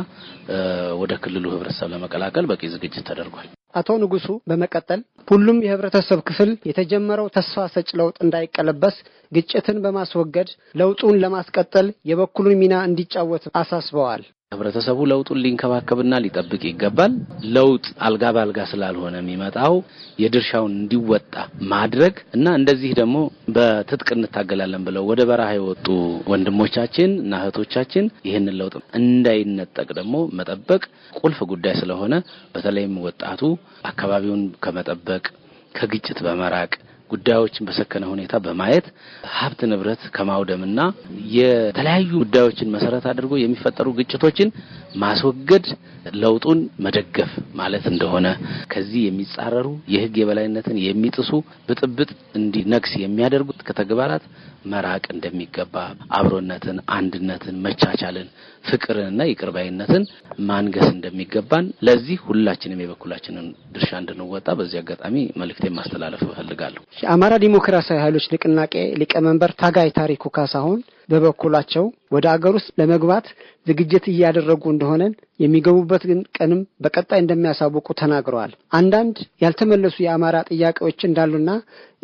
ወደ ክልሉ ህብረተሰብ ለመቀላቀል በቂ ዝግጅት ተደርጓል። አቶ ንጉሱ በመቀጠል ሁሉም የህብረተሰብ ክፍል የተጀመረው ተስፋ ሰጭ ለውጥ እንዳይቀለበስ ግጭትን በማስወገድ ለውጡን ለማስቀጠል የበኩሉን ሚና እንዲጫወት አሳስበዋል። ህብረተሰቡ ለውጡን ሊንከባከብና ሊጠብቅ ይገባል። ለውጥ አልጋ በአልጋ ስላልሆነ የሚመጣው የድርሻውን እንዲወጣ ማድረግ እና እንደዚህ ደግሞ በትጥቅ እንታገላለን ብለው ወደ በረሃ የወጡ ወንድሞቻችን እና እህቶቻችን ይህን ለውጥ እንዳይነጠቅ ደግሞ መጠበቅ ቁልፍ ጉዳይ ስለሆነ በተለይም ወጣቱ አካባቢውን ከመጠበቅ ከግጭት በመራቅ ጉዳዮችን በሰከነ ሁኔታ በማየት ሀብት ንብረት ከማውደምና የተለያዩ ጉዳዮችን መሰረት አድርጎ የሚፈጠሩ ግጭቶችን ማስወገድ ለውጡን መደገፍ ማለት እንደሆነ ከዚህ የሚጻረሩ የህግ የበላይነትን የሚጥሱ ብጥብጥ እንዲነግስ የሚያደርጉት ከተግባራት መራቅ እንደሚገባ አብሮነትን፣ አንድነትን፣ መቻቻልን፣ ፍቅርንና ይቅርባይነትን ማንገስ እንደሚገባን ለዚህ ሁላችንም የበኩላችንን ድርሻ እንድንወጣ በዚህ አጋጣሚ መልእክቴን ማስተላለፍ እፈልጋለሁ። የአማራ ዲሞክራሲያዊ ኃይሎች ንቅናቄ ሊቀመንበር ታጋይ ታሪኩ ካሳሁን በበኩላቸው ወደ አገር ውስጥ ለመግባት ዝግጅት እያደረጉ እንደሆነ የሚገቡበት ግን ቀንም በቀጣይ እንደሚያሳውቁ ተናግረዋል። አንዳንድ ያልተመለሱ የአማራ ጥያቄዎች እንዳሉና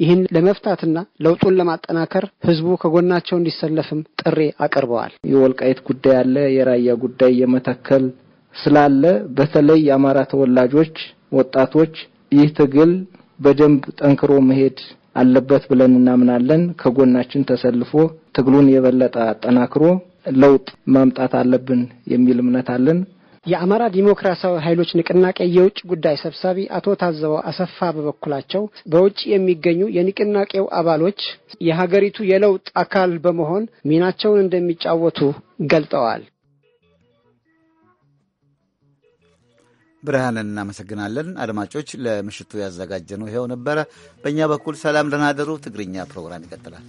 ይህን ለመፍታትና ለውጡን ለማጠናከር ህዝቡ ከጎናቸው እንዲሰለፍም ጥሪ አቅርበዋል። የወልቃይት ጉዳይ አለ፣ የራያ ጉዳይ፣ የመተከል ስላለ በተለይ የአማራ ተወላጆች ወጣቶች ይህ ትግል በደንብ ጠንክሮ መሄድ አለበት ብለን እናምናለን። ከጎናችን ተሰልፎ ትግሉን የበለጠ አጠናክሮ ለውጥ ማምጣት አለብን የሚል እምነት አለን። የአማራ ዲሞክራሲያዊ ኃይሎች ንቅናቄ የውጭ ጉዳይ ሰብሳቢ አቶ ታዘበው አሰፋ በበኩላቸው በውጭ የሚገኙ የንቅናቄው አባሎች የሀገሪቱ የለውጥ አካል በመሆን ሚናቸውን እንደሚጫወቱ ገልጠዋል። ብርሃንን እናመሰግናለን። አድማጮች ለምሽቱ ያዘጋጀነው ይኸው ነበረ። በእኛ በኩል ሰላም ለናደሩ። ትግርኛ ፕሮግራም ይቀጥላል።